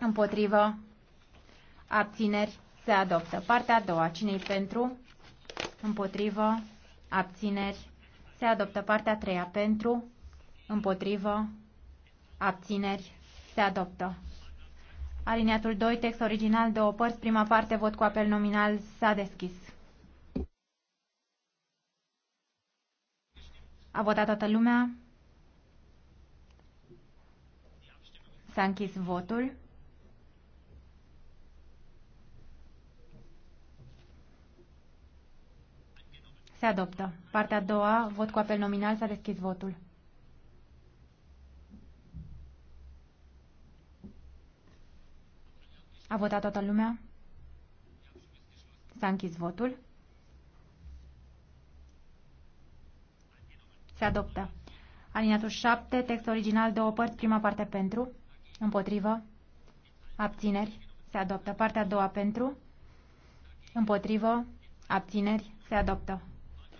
Împotrivă. Abțineri. Se adoptă. Partea a doua. Cine-i pentru? Împotrivă. Abțineri. Se adoptă. Partea a treia. Pentru. Împotrivă. Abțineri. Se adoptă. Alineatul 2, text original, două părți, prima parte, vot cu apel nominal, s-a deschis. A votat toată lumea. S-a închis votul. Se adoptă. Partea a doua, vot cu apel nominal, s-a deschis votul. A votat toată lumea? S-a închis votul. Se adoptă. Alineatul 7, text original, două părți, prima parte pentru. Împotrivă. Abțineri. Se adoptă. Partea a doua pentru. Împotrivă. Abțineri. Se adoptă.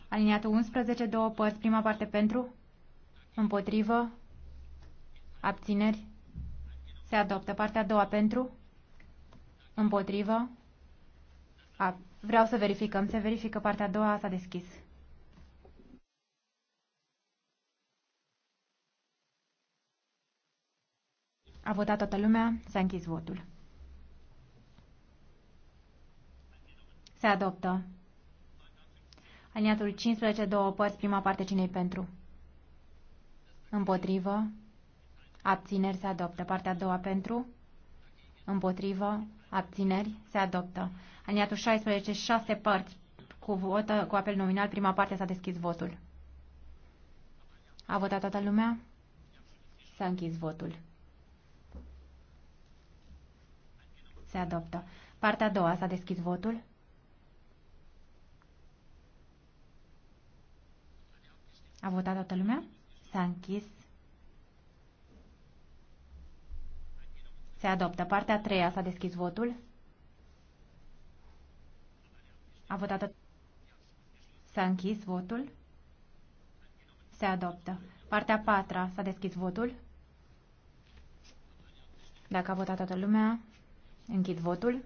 Aliniatul 11, două părți, prima parte pentru. Împotrivă. Abțineri. Se adoptă. Partea a doua pentru. Împotrivă. A, vreau să verificăm. Se verifică partea a doua. S-a deschis. A votat toată lumea, s-a închis votul. Se adoptă. Aliniatul 15, două părți, prima parte cinei pentru. Împotrivă. Abțineri se adoptă. Partea a doua pentru. Împotrivă. Abțineri se adoptă. Aliniatul 16, șase părți. Cu, vot, cu apel nominal, prima parte s-a deschis votul. A votat toată lumea? S-a închis votul. Se adoptă. Partea a doua. S-a deschis votul. A votat toată lumea? S-a închis. Se adoptă. Partea a treia. S-a deschis votul. A votat S-a închis votul. Se adoptă. Partea a patra. S-a deschis votul. Dacă a votat toată lumea, Închid votul.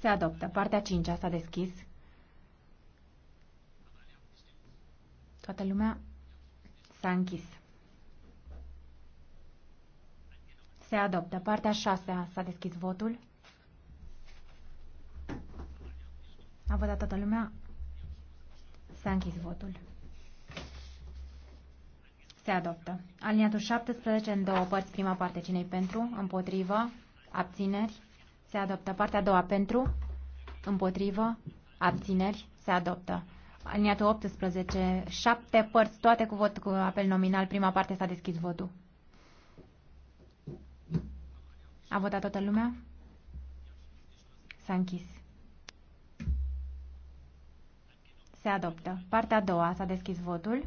Se adoptă. Partea 5 s-a deschis. Toată lumea s-a închis. Se adoptă. Partea 6 s-a deschis votul. A votat toată lumea? S-a închis votul. Se adoptă. Aliniatul 17 în două părți, prima parte cinei pentru, împotrivă, abțineri. Se adoptă. Partea a doua pentru, împotrivă, abțineri. Se adoptă. Aliniatul 18, șapte părți, toate cu vot cu apel nominal. Prima parte s-a deschis votul. A votat toată lumea? S-a închis. Se adoptă. Partea a doua s-a deschis votul.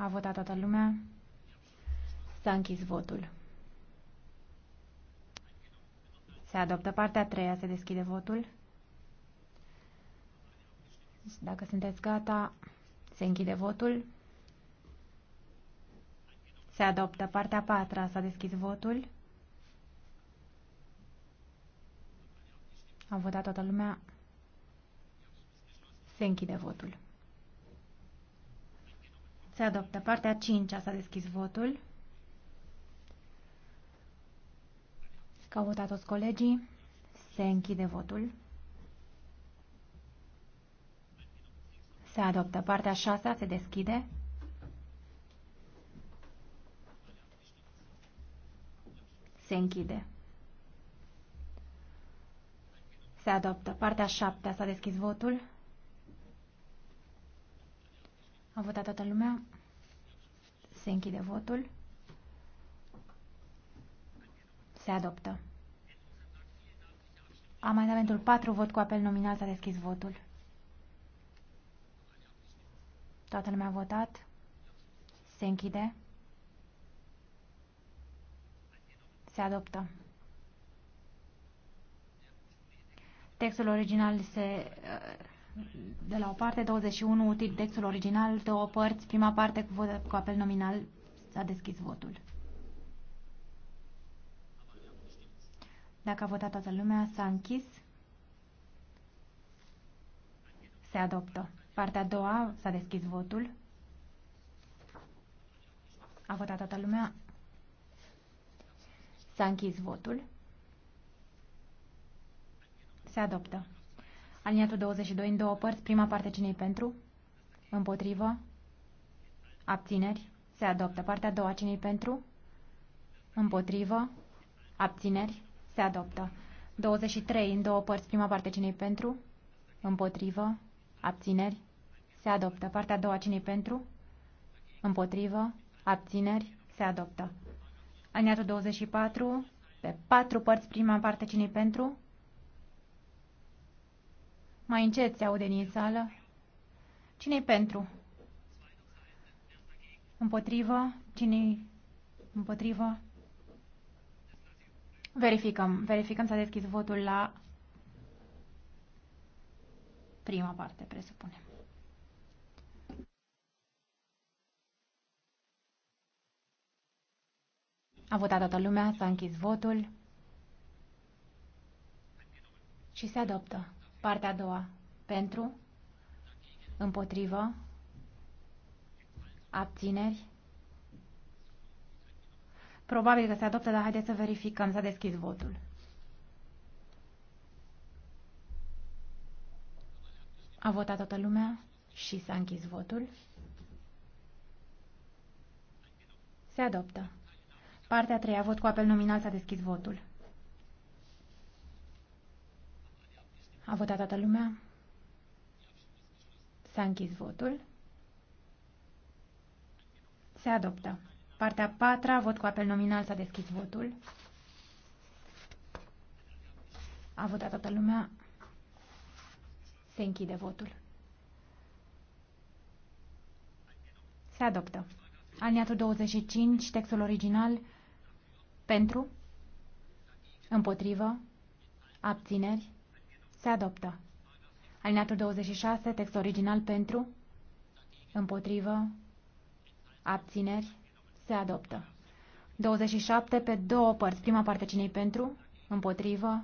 A votat toată lumea. S-a închis votul. Se adoptă partea a treia, se deschide votul. Dacă sunteți gata, se închide votul. Se adoptă partea a patra, s-a deschis votul. A votat toată lumea. Se închide votul. Se adoptă. Partea 5 s-a deschis votul. Că au votat toți colegii. Se închide votul. Se adoptă. Partea 6 se deschide. Se închide. Se adoptă. Partea 7 s-a deschis votul. A votat toată lumea. Se închide votul. Se adoptă. Amendamentul 4, vot cu apel nominal, s-a deschis votul. Toată lumea a votat. Se închide. Se adoptă. Textul original se de la o parte, 21, tip textul original, două părți, prima parte cu, vot, cu apel nominal, s-a deschis votul. Dacă a votat toată lumea, s-a închis. Se adoptă. Partea a doua, s-a deschis votul. A votat toată lumea. S-a închis votul. Se adoptă. Aliniatul 22 în două părți, prima parte cinei pentru, împotrivă, abțineri, se adoptă. Partea a doua cinei pentru, împotrivă, abțineri, se adoptă. 23 în două părți, prima parte cinei pentru, împotrivă, abțineri, se adoptă. Partea a doua cinei pentru, împotrivă, abțineri, se adoptă. Aliniatul 24, pe patru părți, prima parte cinei pentru, mai încet se aude din sală. cine e pentru? Împotrivă? Cine-i împotrivă? Verificăm. Verificăm s-a deschis votul la prima parte, presupunem. A votat toată lumea, s-a închis votul și se adoptă. Partea a doua. Pentru. Împotrivă. Abțineri. Probabil că se adoptă, dar haideți să verificăm. S-a deschis votul. A votat toată lumea și s-a închis votul. Se adoptă. Partea a treia, vot cu apel nominal, s-a deschis votul. A votat toată lumea? S-a închis votul. Se adoptă. Partea a patra, vot cu apel nominal, s-a deschis votul. A votat toată lumea. Se închide votul. Se adoptă. Aliniatul 25, textul original, pentru, împotrivă, abțineri, se adoptă. Alineatul 26, text original pentru, împotrivă, abțineri, se adoptă. 27 pe două părți. Prima parte cinei pentru, împotrivă,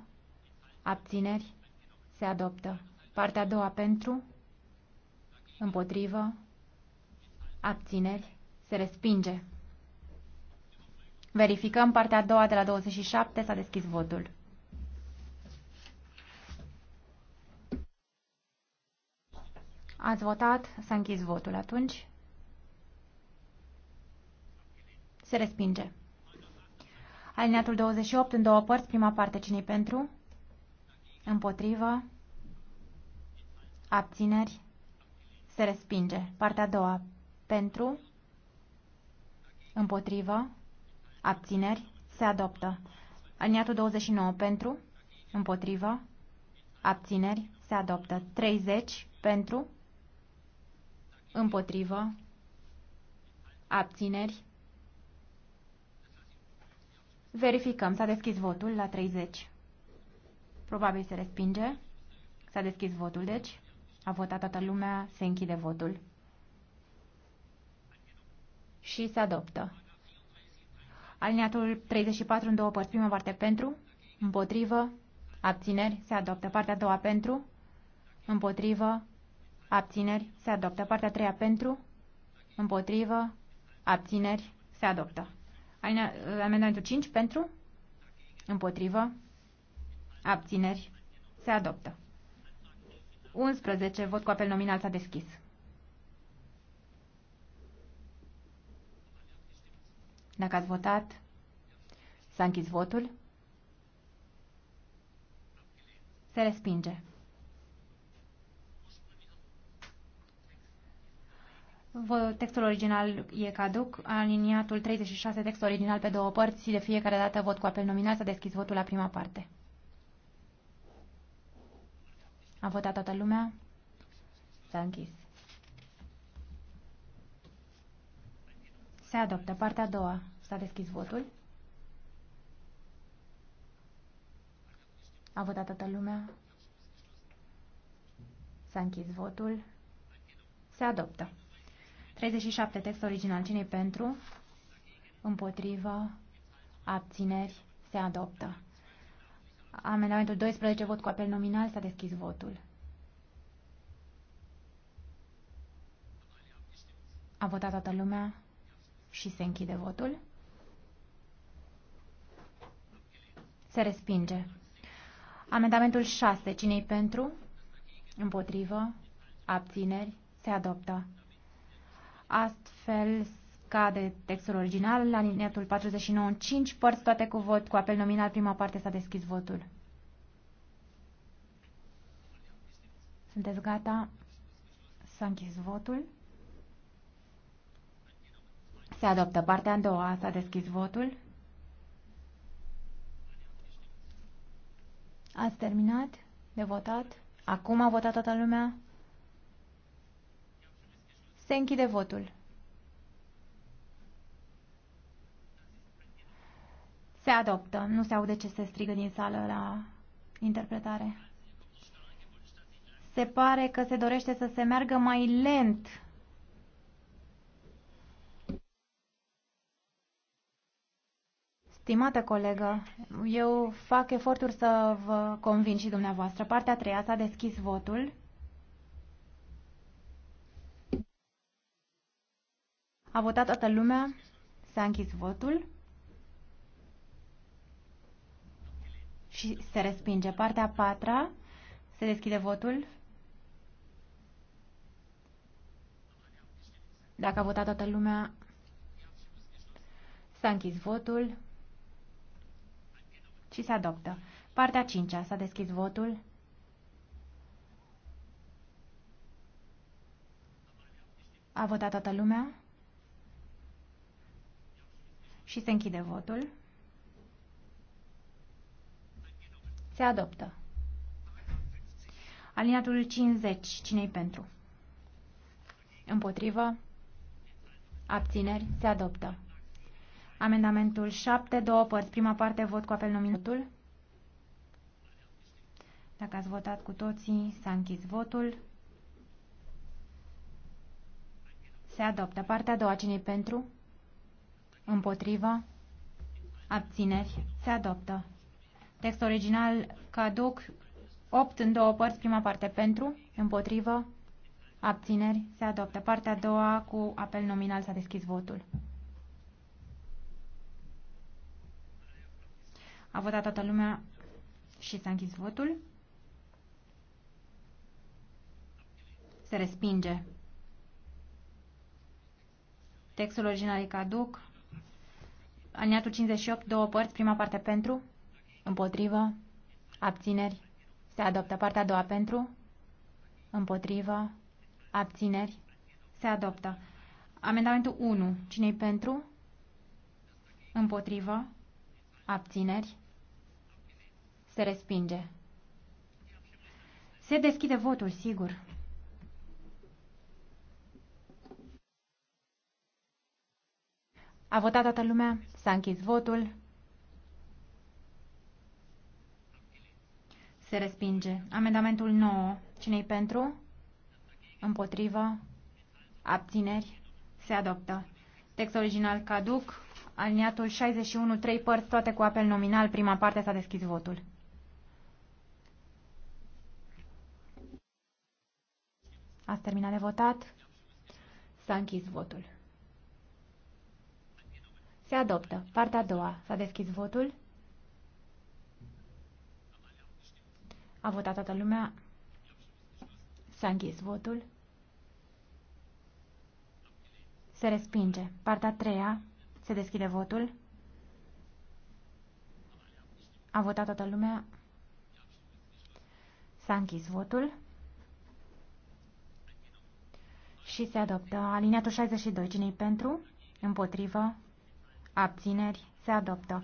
abțineri, se adoptă. Partea a doua pentru, împotrivă, abțineri, se respinge. Verificăm partea a doua de la 27, s-a deschis votul. Ați votat, s-a închis votul atunci. Se respinge. Alineatul 28 în două părți, prima parte cine pentru? Împotrivă. Abțineri. Se respinge. Partea a doua. Pentru. Împotrivă. Abțineri. Se adoptă. Alineatul 29. Pentru. Împotrivă. Abțineri. Se adoptă. 30. Pentru. Împotrivă. Abțineri. Verificăm. S-a deschis votul la 30. Probabil se respinge. S-a deschis votul, deci. A votat toată lumea. Se închide votul. Și se adoptă. Alineatul 34 în două părți. Prima parte pentru. Împotrivă. Abțineri. Se adoptă. Partea a doua pentru. Împotrivă. Abțineri. Se adoptă. Partea a treia pentru. Împotrivă. Abțineri. Se adoptă. Uh, amendamentul 5 pentru. Împotrivă. Abțineri. Se adoptă. 11. Vot cu apel nominal s-a deschis. Dacă ați votat, s-a închis votul. Se respinge. Textul original e caduc, aliniatul 36, text original pe două părți, de fiecare dată vot cu apel nominal, s-a deschis votul la prima parte. A votat toată lumea? S-a închis. Se adoptă. Partea a doua. S-a deschis votul. A votat toată lumea? S-a închis votul. Se adoptă. 37. Text original. cine pentru? Împotrivă. Abțineri. Se adoptă. Amendamentul 12. Vot cu apel nominal. S-a deschis votul. A votat toată lumea și se închide votul. Se respinge. Amendamentul 6. Cine-i pentru? Împotrivă? Abțineri? Se adoptă astfel scade textul original la liniatul 49 5 părți, toate cu vot cu apel nominal. Prima parte s-a deschis votul. Sunteți gata? S-a închis votul. Se adoptă partea a doua. S-a deschis votul. Ați terminat de votat? Acum a votat toată lumea? Se închide votul. Se adoptă. Nu se aude ce se strigă din sală la interpretare. Se pare că se dorește să se meargă mai lent Stimată colegă, eu fac eforturi să vă convin și dumneavoastră. Partea a treia s-a deschis votul. A votat toată lumea. S-a închis votul. Și se respinge. Partea a patra. Se deschide votul. Dacă a votat toată lumea, s-a închis votul și se adoptă. Partea cincea s-a deschis votul. A votat toată lumea? Și se închide votul. Se adoptă. Aliniatul 50. Cine-i pentru? Împotrivă? Abțineri? Se adoptă. Amendamentul 7, două părți. Prima parte, vot cu apel nominatul. Dacă ați votat cu toții, s-a închis votul. Se adoptă. Partea a doua, cine pentru? Împotrivă. Abțineri. Se adoptă. Text original caduc 8 în două părți, prima parte pentru, împotrivă, abțineri, se adoptă. Partea a doua cu apel nominal s-a deschis votul. A votat toată lumea și s-a închis votul. Se respinge. Textul original e caduc. Aniatul 58, două părți, prima parte pentru, împotrivă, abțineri, se adoptă. Partea a doua pentru, împotrivă, abțineri, se adoptă. Amendamentul 1, cine-i pentru, împotrivă, abțineri, se respinge. Se deschide votul, sigur. A votat toată lumea? S-a închis votul. Se respinge. Amendamentul 9. Cine-i pentru? Împotrivă? Abțineri? Se adoptă. Text original caduc. Aliniatul 61, 3 părți, toate cu apel nominal. Prima parte s-a deschis votul. Ați terminat de votat? S-a închis votul. Se adoptă. Partea a doua. S-a deschis votul. A votat toată lumea. S-a închis votul. Se respinge. Partea a treia. Se deschide votul. A votat toată lumea. S-a închis votul. Și se adoptă. Aliniatul 62. Cine-i pentru? Împotrivă? Abțineri. Se adoptă.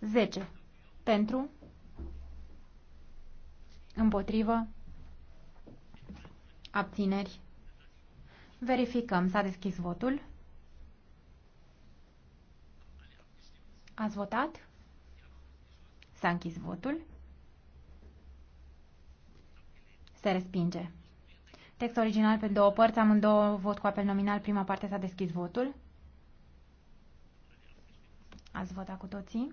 10. Pentru. Împotrivă. Abțineri. Verificăm. S-a deschis votul. Ați votat? S-a închis votul. Se respinge. Text original pe două părți, amândouă vot cu apel nominal, prima parte s-a deschis votul. Ați votat cu toții?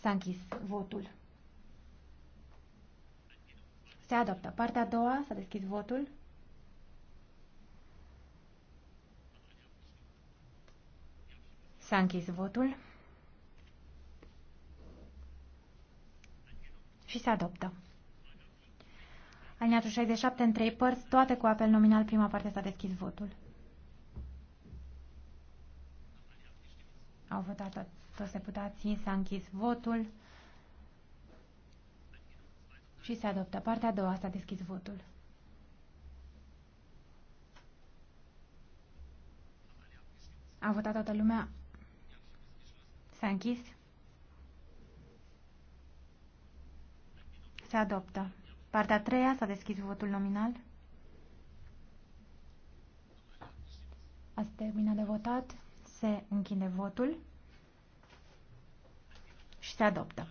S-a închis votul. Se adoptă. Partea a doua, s-a deschis votul. S-a închis votul. Și se adoptă. Alineatul 67 în trei părți, toate cu apel nominal, prima parte s-a deschis votul. Au votat toți deputații, s-a închis votul și se adoptă. Partea a doua s-a deschis votul. A votat toată lumea. S-a închis. Se adoptă. Partea a treia s-a deschis votul nominal. Ați terminat de votat. Se închide votul și se adoptă.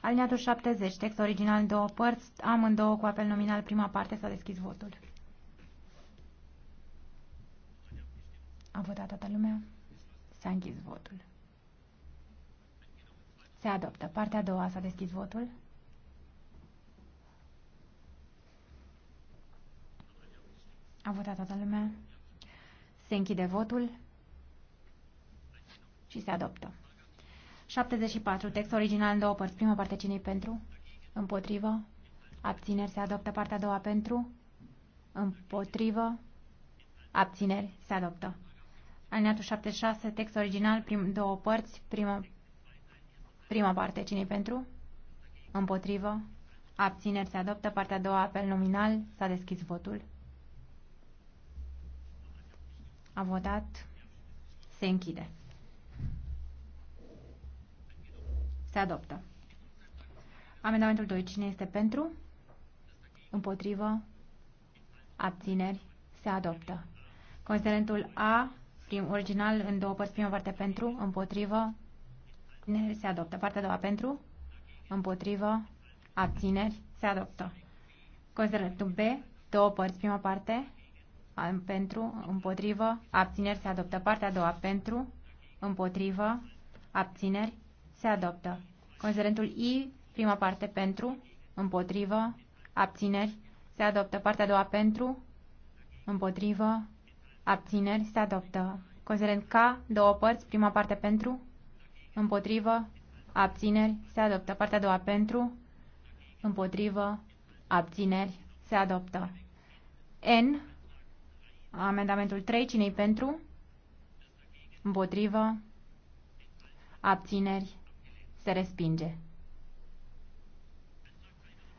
Alineatul 70, text original în două părți, amândouă cu apel nominal, prima parte s-a deschis votul. A votat toată lumea? S-a închis votul. Se adoptă. Partea a doua s-a deschis votul. A votat toată lumea? Se închide votul și se adoptă. 74. Text original în două părți. Prima parte cine pentru? Împotrivă. Abțineri se adoptă. Partea a doua pentru? Împotrivă. Abțineri se adoptă. Alineatul 76. Text original. Prim, două părți. Prima, prima parte cine pentru? Împotrivă. Abțineri se adoptă. Partea a doua apel nominal. S-a deschis votul. A votat. Se închide. Se adoptă. Amendamentul 2. Cine este pentru? Împotrivă? Abțineri? Se adoptă. Considerentul A, prim, original, în două părți, prima parte pentru, împotrivă, abțineri, se adoptă. Partea a doua pentru, împotrivă, abțineri, se adoptă. Considerentul B, două părți, prima parte, pentru, împotrivă, abțineri, se adoptă. Partea a doua pentru, împotrivă, abțineri, se adoptă. Considerentul I, prima parte pentru, împotrivă, abțineri. Se adoptă. Partea a doua pentru, împotrivă, abțineri. Se adoptă. Considerent K, două părți, prima parte pentru, împotrivă, abțineri. Se adoptă. Partea a doua pentru, împotrivă, abțineri. Se adoptă. N, amendamentul 3, cine pentru? Împotrivă, abțineri. Se respinge.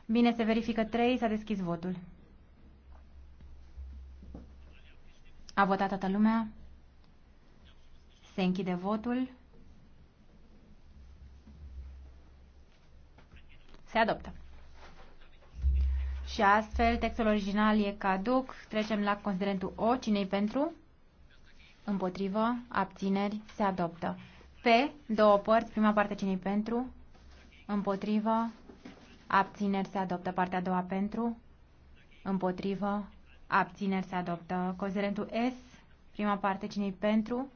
Bine, se verifică 3. S-a deschis votul. A votat toată lumea. Se închide votul. Se adoptă. Și astfel, textul original e caduc. Trecem la considerentul O. cine pentru? Împotrivă. Abțineri. Se adoptă. Pe două părți, prima parte cine pentru, împotrivă, abțineri se adoptă. Partea a doua pentru, împotrivă, abțineri se adoptă. Considerentul S, prima parte cine pentru,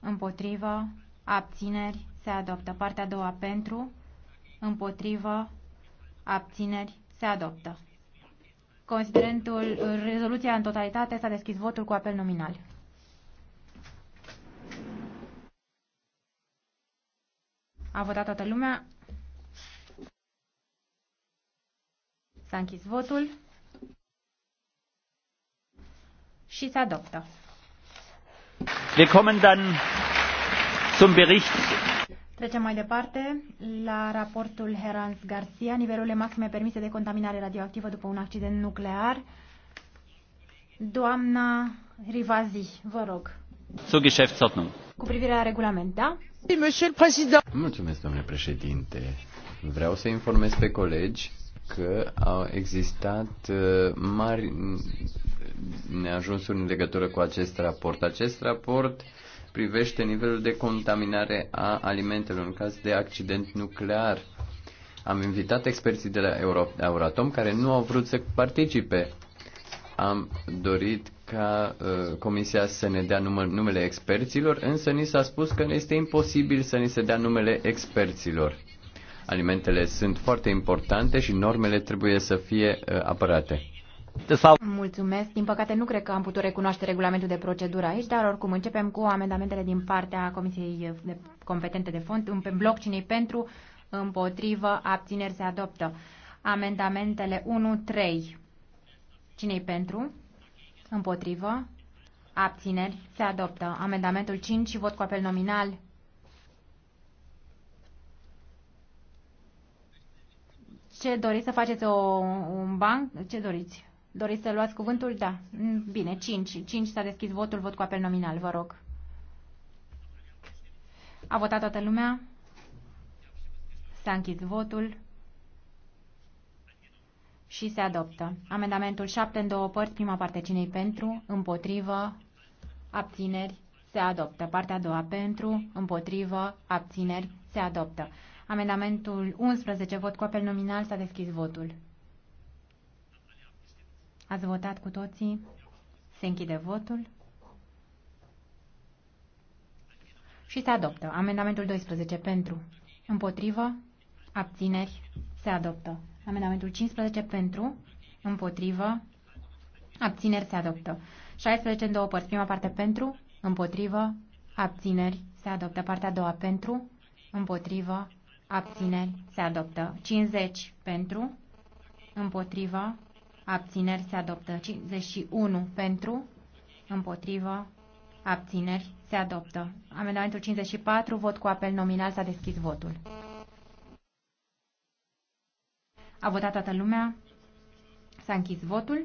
împotrivă, abțineri se adoptă. Partea a doua pentru, împotrivă, abțineri se adoptă. Considerentul rezoluția în totalitate s-a deschis votul cu apel nominal. A votat toată lumea. S-a închis votul și se adoptă. Wir kommen dann zum Bericht. Trecem mai departe la raportul Herans Garcia, nivelurile maxime permise de contaminare radioactivă după un accident nuclear. Doamna Rivazi, vă rog. Zur Geschäftsordnung. Cu privire la regulament, da? Mulțumesc, domnule președinte. Vreau să informez pe colegi că au existat uh, mari neajunsuri în legătură cu acest raport. Acest raport privește nivelul de contaminare a alimentelor în caz de accident nuclear. Am invitat experții de la Euro- Euratom care nu au vrut să participe. Am dorit ca uh, Comisia să ne dea numă, numele experților, însă ni s-a spus că ne este imposibil să ni se dea numele experților. Alimentele sunt foarte importante și normele trebuie să fie uh, apărate. Mulțumesc. Din păcate nu cred că am putut recunoaște regulamentul de procedură aici, dar oricum începem cu amendamentele din partea Comisiei de competente de fond. Pe bloc cine pentru, împotrivă, abțineri se adoptă. Amendamentele 1-3. cine pentru? Împotrivă. Abțineri. Se adoptă. Amendamentul 5 și vot cu apel nominal. Ce doriți să faceți o, un banc? Ce doriți? Doriți să luați cuvântul? Da. Bine, 5. 5 s-a deschis votul, vot cu apel nominal, vă rog. A votat toată lumea? S-a închis votul și se adoptă. Amendamentul 7 în două părți, prima parte cinei pentru, împotrivă, abțineri, se adoptă. Partea a doua pentru, împotrivă, abțineri, se adoptă. Amendamentul 11, vot cu apel nominal, s-a deschis votul. Ați votat cu toții? Se închide votul. Și se adoptă. Amendamentul 12 pentru, împotrivă, abțineri, se adoptă. Amendamentul 15 pentru, împotrivă, abțineri se adoptă. 16 în două părți. Prima parte pentru, împotrivă, abțineri se adoptă. Partea a doua pentru, împotrivă, abțineri se adoptă. 50 pentru, împotrivă, abțineri se adoptă. 51 pentru, împotrivă, abțineri se adoptă. Amendamentul 54, vot cu apel nominal, s-a deschis votul. A votat toată lumea. S-a închis votul.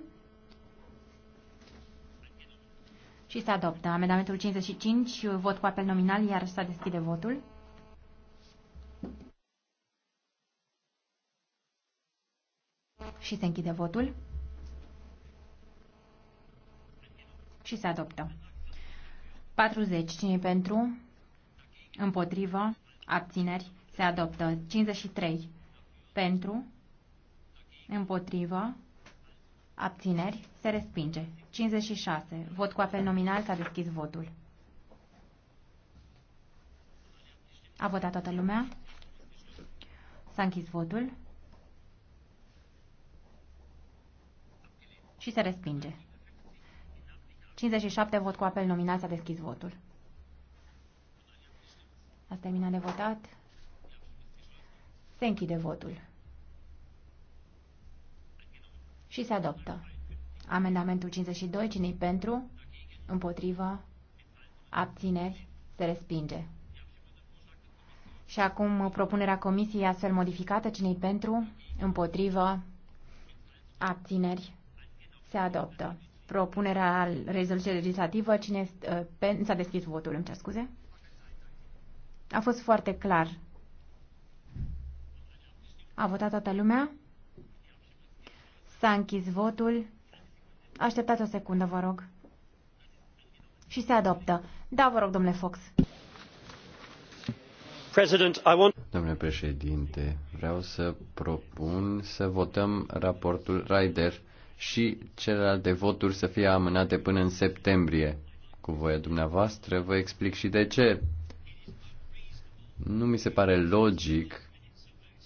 Și se adoptă. Amendamentul 55, vot cu apel nominal, iar s-a deschide votul. Și se închide votul. Și se adoptă. 40. Cine pentru? Împotrivă. Abțineri. Se adoptă. 53. Pentru. Împotrivă. Abțineri. Se respinge. 56. Vot cu apel nominal. S-a deschis votul. A votat toată lumea. S-a închis votul. Și se respinge. 57 vot cu apel nominal s-a deschis votul. Ați terminat de votat. Se închide votul și se adoptă. Amendamentul 52, cine pentru, împotrivă, abțineri, se respinge. Și acum uh, propunerea comisiei astfel modificată, cine pentru, împotrivă, abțineri, se adoptă. Propunerea rezoluției legislativă, cine uh, s-a deschis votul, îmi cer scuze. A fost foarte clar. A votat toată lumea? S-a închis votul. Așteptați o secundă, vă rog. Și se adoptă. Da, vă rog, domnule Fox. Domnule președinte, vreau să propun să votăm raportul Ryder și celelalte voturi să fie amânate până în septembrie. Cu voia dumneavoastră vă explic și de ce. Nu mi se pare logic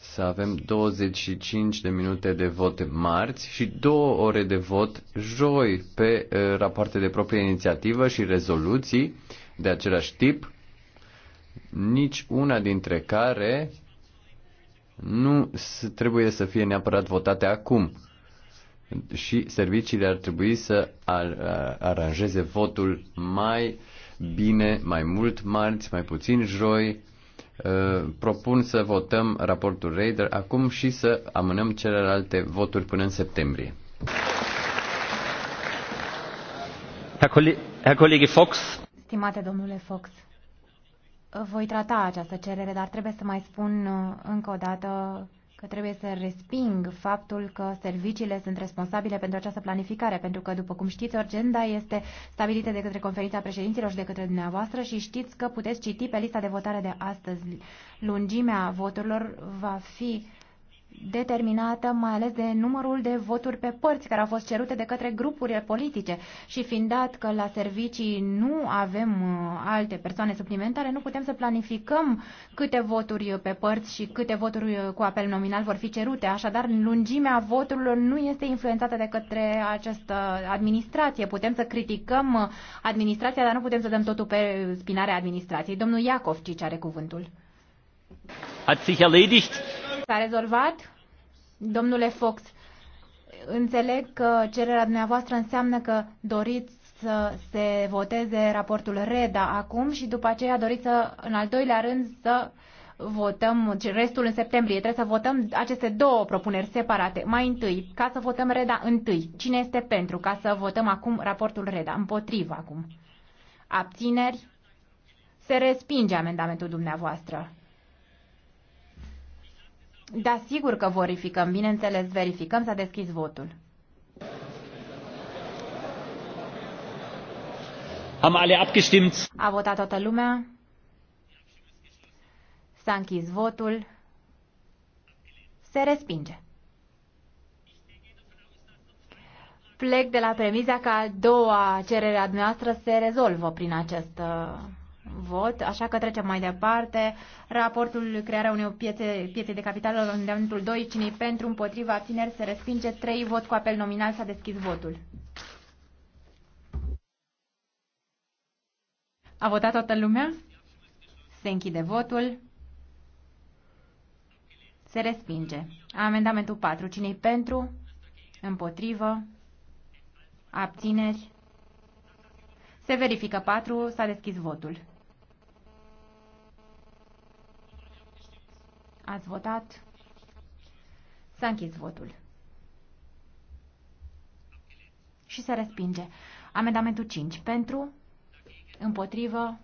să avem 25 de minute de vot marți și două ore de vot joi pe eh, rapoarte de proprie inițiativă și rezoluții de același tip, nici una dintre care nu trebuie să fie neapărat votate acum. Și serviciile ar trebui să ar, eh, aranjeze votul mai bine, mai mult marți, mai puțin joi, Uh, propun să votăm raportul Raider acum și să amânăm celelalte voturi până în septembrie. Herr Kollege Fox. Stimate domnule Fox, voi trata această cerere, dar trebuie să mai spun uh, încă o dată că trebuie să resping faptul că serviciile sunt responsabile pentru această planificare, pentru că, după cum știți, agenda este stabilită de către conferința președinților și de către dumneavoastră și știți că puteți citi pe lista de votare de astăzi. Lungimea voturilor va fi determinată mai ales de numărul de voturi pe părți care au fost cerute de către grupurile politice și fiind dat că la servicii nu avem uh, alte persoane suplimentare, nu putem să planificăm câte voturi pe părți și câte voturi uh, cu apel nominal vor fi cerute. Așadar, lungimea voturilor nu este influențată de către această administrație. Putem să criticăm uh, administrația, dar nu putem să dăm totul pe spinarea administrației. Domnul Iacov, ce are cuvântul? Hat sich erledigt. S-a rezolvat? Domnule Fox, înțeleg că cererea dumneavoastră înseamnă că doriți să se voteze raportul REDA acum și după aceea doriți să, în al doilea rând, să votăm restul în septembrie. Trebuie să votăm aceste două propuneri separate. Mai întâi, ca să votăm REDA întâi. Cine este pentru? Ca să votăm acum raportul REDA. Împotrivă acum. Abțineri? Se respinge amendamentul dumneavoastră. Da, sigur că verificăm, bineînțeles, verificăm, s-a deschis votul. Am alle abgestimmt. A votat toată lumea. S-a închis votul. Se respinge. Plec de la premiza că a doua cerere a dumneavoastră se rezolvă prin această vot, așa că trecem mai departe. Raportul crearea unei piețe, piețe de capital în îndemnul 2, cine pentru, împotriva, abțineri, se respinge, 3 vot cu apel nominal, s-a deschis votul. A votat toată lumea? Se închide votul. Se respinge. Amendamentul 4. cine pentru? Împotrivă? Abțineri? Se verifică 4. S-a deschis votul. Ați votat? S-a închis votul. Și se respinge. Amendamentul 5. Pentru, împotrivă,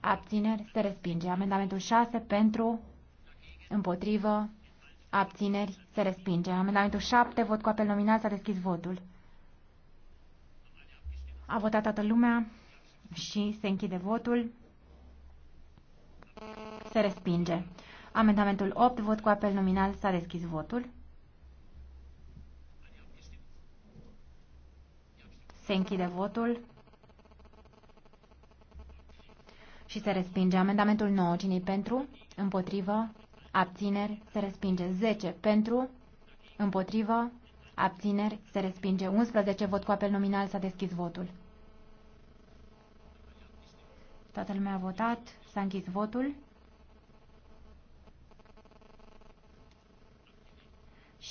abțineri, se respinge. Amendamentul 6. Pentru, împotrivă, abțineri, se respinge. Amendamentul 7. Vot cu apel nominal. S-a deschis votul. A votat toată lumea și se închide votul. Se respinge. Amendamentul 8, vot cu apel nominal, s-a deschis votul. Se închide votul. Și se respinge. Amendamentul 9, cine pentru? Împotrivă. Abțineri. Se respinge. 10 pentru. Împotrivă. Abțineri. Se respinge. 11. Vot cu apel nominal. S-a deschis votul. Toată lumea a votat. S-a închis votul.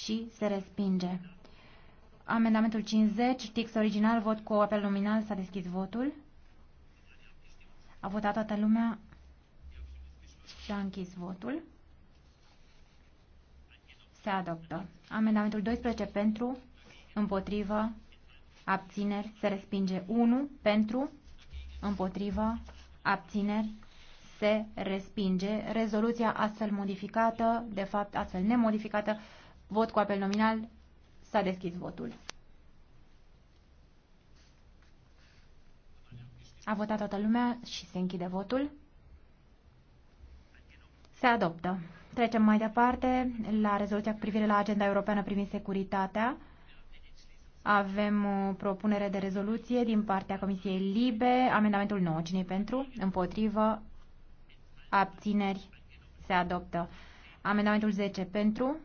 și se respinge. Amendamentul 50, text original, vot cu apel nominal, s-a deschis votul. A votat toată lumea, și a închis votul. Se adoptă. Amendamentul 12 pentru, împotrivă, abțineri, se respinge 1 pentru, împotrivă, abțineri, se respinge. Rezoluția astfel modificată, de fapt astfel nemodificată, Vot cu apel nominal. S-a deschis votul. A votat toată lumea și se închide votul. Se adoptă. Trecem mai departe la rezoluția cu privire la agenda europeană privind securitatea. Avem o propunere de rezoluție din partea Comisiei Libe, amendamentul 9. cine pentru? Împotrivă? Abțineri? Se adoptă. Amendamentul 10 pentru?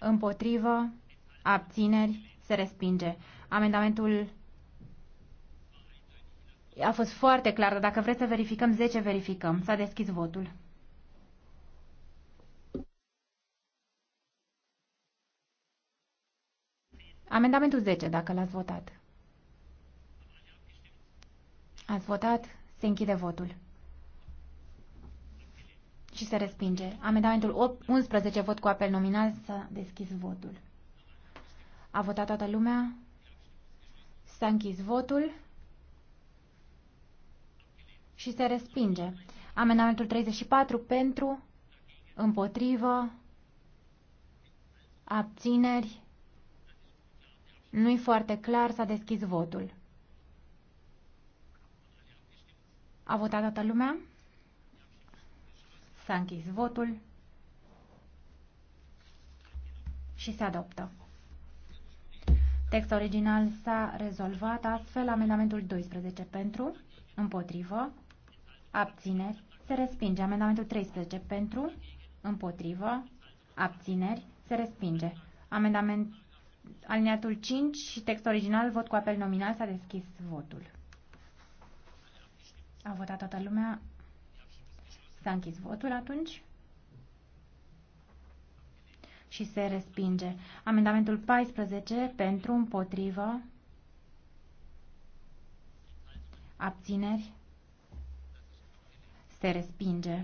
împotrivă, abțineri, se respinge. Amendamentul a fost foarte clar, dar dacă vreți să verificăm 10, verificăm. S-a deschis votul. Amendamentul 10, dacă l-ați votat. Ați votat, se închide votul și se respinge. Amendamentul 11, vot cu apel nominal, s-a deschis votul. A votat toată lumea? S-a închis votul și se respinge. Amendamentul 34 pentru, împotrivă, abțineri. Nu-i foarte clar, s-a deschis votul. A votat toată lumea? S-a închis votul și se adoptă. Textul original s-a rezolvat astfel amendamentul 12 pentru, împotrivă, abțineri, se respinge. Amendamentul 13 pentru, împotrivă, abțineri, se respinge. Amendament alineatul 5 și text original, vot cu apel nominal, s-a deschis votul. A votat toată lumea, S-a închis votul atunci și se respinge. Amendamentul 14 pentru, împotrivă, abțineri, se respinge.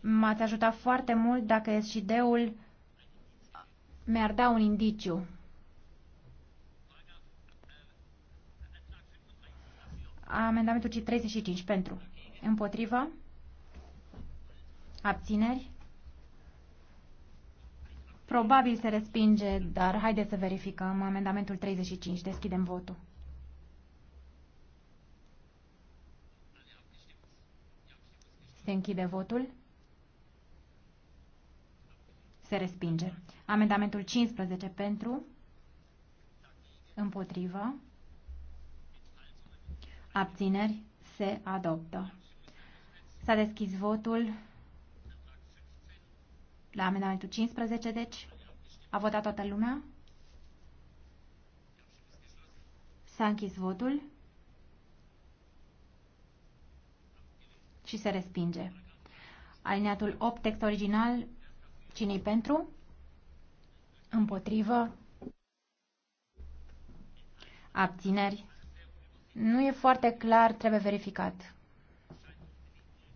M-ați ajutat foarte mult dacă și ul mi-ar da un indiciu. Amendamentul 35 pentru. Împotrivă? Abțineri? Probabil se respinge, dar haideți să verificăm amendamentul 35. Deschidem votul. Se închide votul. Se respinge. Amendamentul 15 pentru. Împotrivă. Abțineri. Se adoptă. S-a deschis votul la amendamentul 15, deci a votat toată lumea. S-a închis votul și se respinge. Alineatul 8, text original, cine pentru? Împotrivă? Abțineri? Nu e foarte clar, trebuie verificat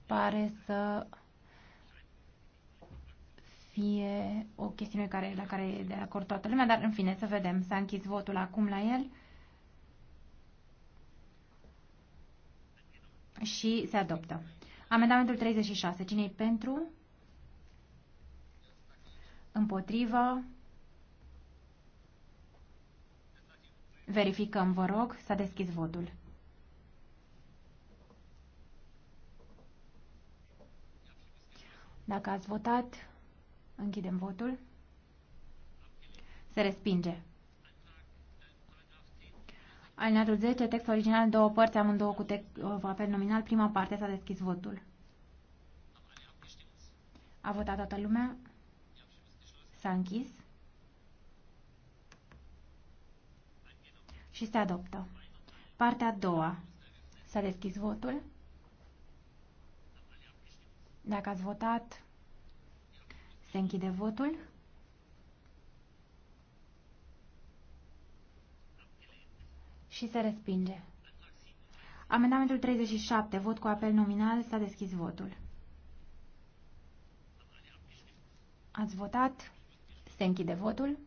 pare să fie o chestiune care, la care e de acord toată lumea, dar în fine să vedem. S-a închis votul acum la el și se adoptă. Amendamentul 36. cine e pentru? Împotrivă? Verificăm, vă rog, s-a deschis votul. Dacă ați votat, închidem votul. Se respinge. Alineatul 10, text original, două părți, amândouă cu text, uh, apel nominal. Prima parte s-a deschis votul. A votat toată lumea. S-a închis. Și se adoptă. Partea a doua. S-a deschis votul. Dacă ați votat, se închide votul. Și se respinge. Amendamentul 37, vot cu apel nominal, s-a deschis votul. Ați votat, se închide votul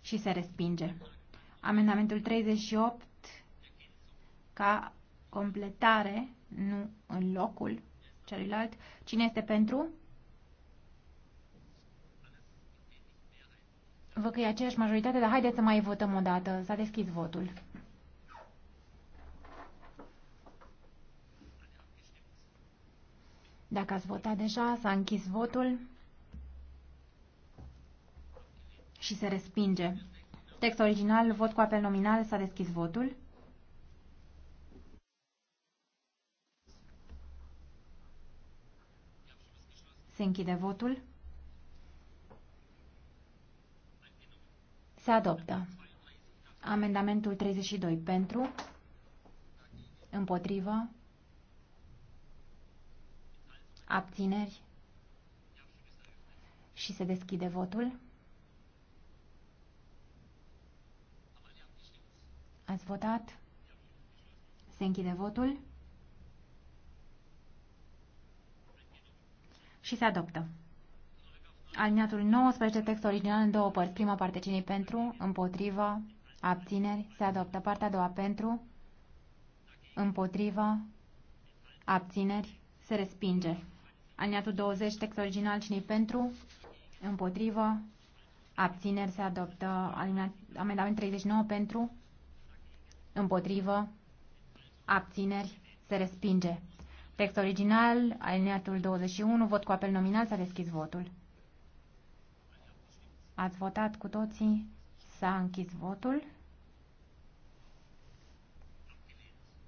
și se respinge. Amendamentul 38, ca completare, nu în locul celuilalt. Cine este pentru? Văd că e aceeași majoritate, dar haideți să mai votăm o dată. S-a deschis votul. Dacă ați votat deja, s-a închis votul și se respinge. Text original, vot cu apel nominal, s-a deschis votul. Se închide votul. Se adoptă. Amendamentul 32 pentru, împotrivă, abțineri și se deschide votul. Ați votat? Se închide votul. și se adoptă. Aliniatul 19, text original în două părți. Prima parte cine pentru, împotrivă, abțineri, se adoptă. Partea a doua pentru, împotrivă, abțineri, se respinge. Aliniatul 20, text original cine pentru, împotrivă, abțineri, se adoptă. Aliniat, amendament 39 pentru, împotrivă, abțineri, se respinge. Text original, alineatul 21, vot cu apel nominal, s-a deschis votul. Ați votat cu toții, s-a închis votul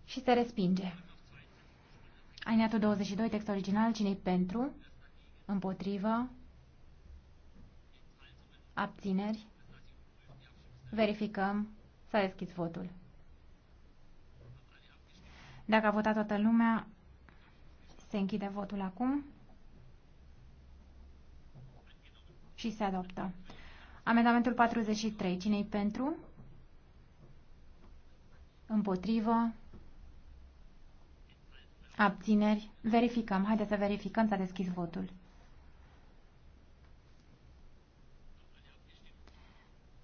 și se respinge. Alineatul 22, text original, cine pentru, împotrivă, abțineri, verificăm, s-a deschis votul. Dacă a votat toată lumea, se închide votul acum. Și se adoptă. Amendamentul 43. Cine-i pentru? Împotrivă? Abțineri? Verificăm. Haideți să verificăm. S-a deschis votul.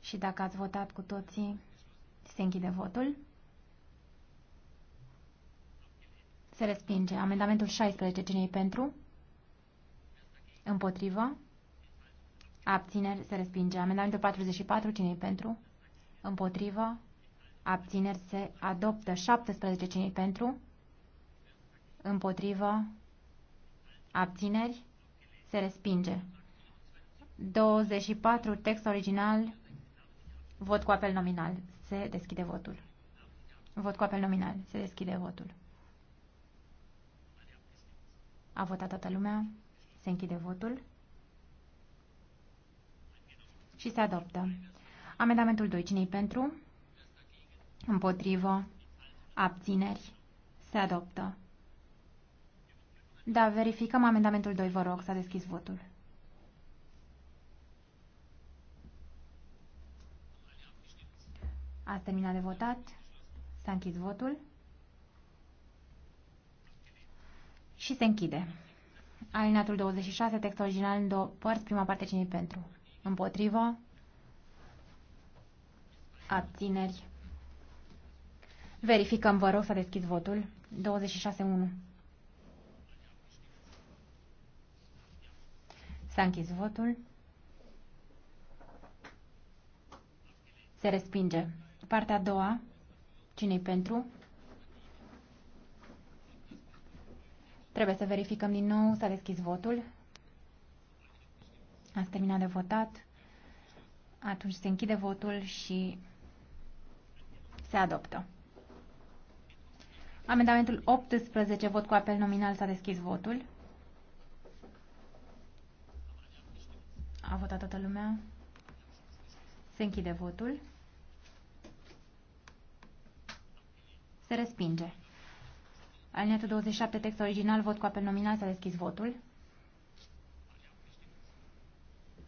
Și dacă ați votat cu toții, se închide votul. Se respinge. Amendamentul 16. cine pentru? Împotrivă. Abțineri. Se respinge. Amendamentul 44. cine pentru? Împotrivă. Abțineri. Se adoptă. 17. cine pentru? Împotrivă. Abțineri. Se respinge. 24. Text original. Vot cu apel nominal. Se deschide votul. Vot cu apel nominal. Se deschide votul. A votat toată lumea? Se închide votul? Și se adoptă. Amendamentul 2. cine pentru? Împotrivă. Abțineri. Se adoptă. Da, verificăm amendamentul 2, vă rog, s-a deschis votul. Ați terminat de votat? S-a închis votul? Și se închide. Alinatul 26, text original în două părți, prima parte cine pentru? Împotrivă? Abțineri. Verificăm, vă rog, să deschid votul. 26.1. S-a închis votul. Se respinge. Partea a doua. Cine-i pentru? Trebuie să verificăm din nou. S-a deschis votul. Ați terminat de votat. Atunci se închide votul și se adoptă. Amendamentul 18, vot cu apel nominal, s-a deschis votul. A votat toată lumea. Se închide votul. Se respinge. Alineatul 27, text original, vot cu apel nominal, s-a deschis votul.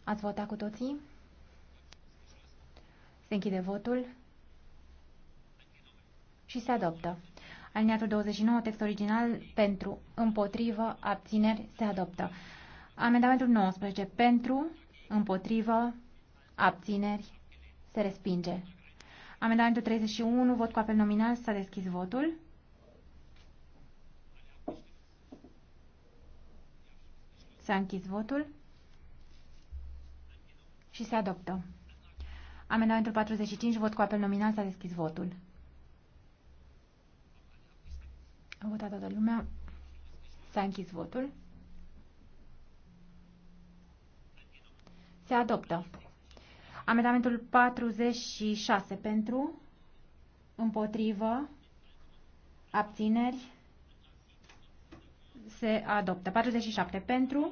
Ați votat cu toții? Se închide votul și se adoptă. Alineatul 29, text original, pentru, împotrivă, abțineri, se adoptă. Amendamentul 19, pentru, împotrivă, abțineri, se respinge. Amendamentul 31, vot cu apel nominal, s-a deschis votul. S-a închis votul și se adoptă. Amendamentul 45, vot cu apel nominal, s-a deschis votul. A votat toată lumea. S-a închis votul. Se adoptă. Amendamentul 46 pentru, împotrivă, abțineri, se adoptă. 47 pentru,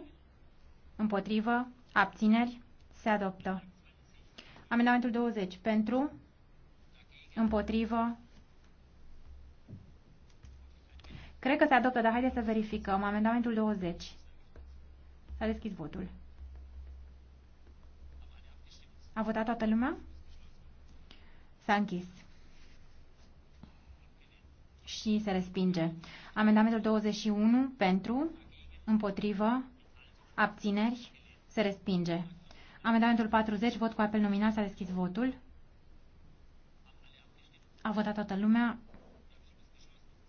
împotrivă, abțineri, se adoptă. Amendamentul 20 pentru, împotrivă, cred că se adoptă, dar haideți să verificăm. Amendamentul 20. S-a deschis votul. A votat toată lumea? S-a închis și se respinge. Amendamentul 21 pentru, împotrivă, abțineri, se respinge. Amendamentul 40, vot cu apel nominal, s-a deschis votul. A votat toată lumea.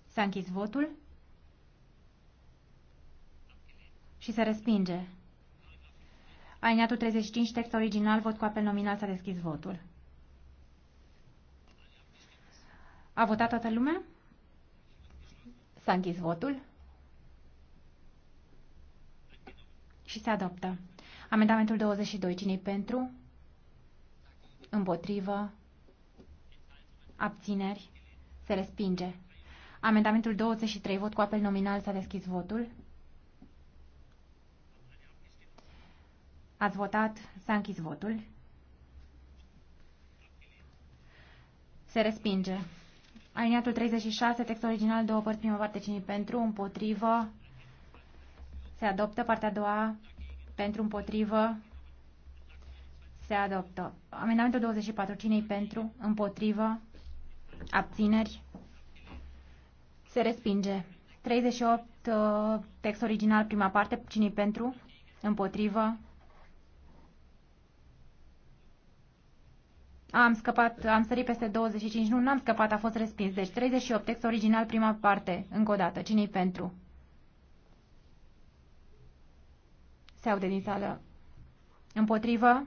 S-a închis votul. Și se respinge. Alineatul 35, text original, vot cu apel nominal, s-a deschis votul. A votat toată lumea? S-a închis votul. Și se adoptă. Amendamentul 22. cine pentru? Împotrivă? Abțineri? Se respinge. Amendamentul 23. Vot cu apel nominal. S-a deschis votul. Ați votat. S-a închis votul. Se respinge. Aliniatul 36, text original, două părți, prima parte, cine pentru, împotrivă, se adoptă, partea a doua, pentru, împotrivă, se adoptă. Amendamentul 24, cine pentru, împotrivă, abțineri, se respinge. 38, uh, text original, prima parte, cine pentru, împotrivă, Am scăpat, am sărit peste 25, nu, n-am scăpat, a fost respins. Deci 38, text original, prima parte, încă o dată. cine pentru? Se aude din sală. Împotrivă?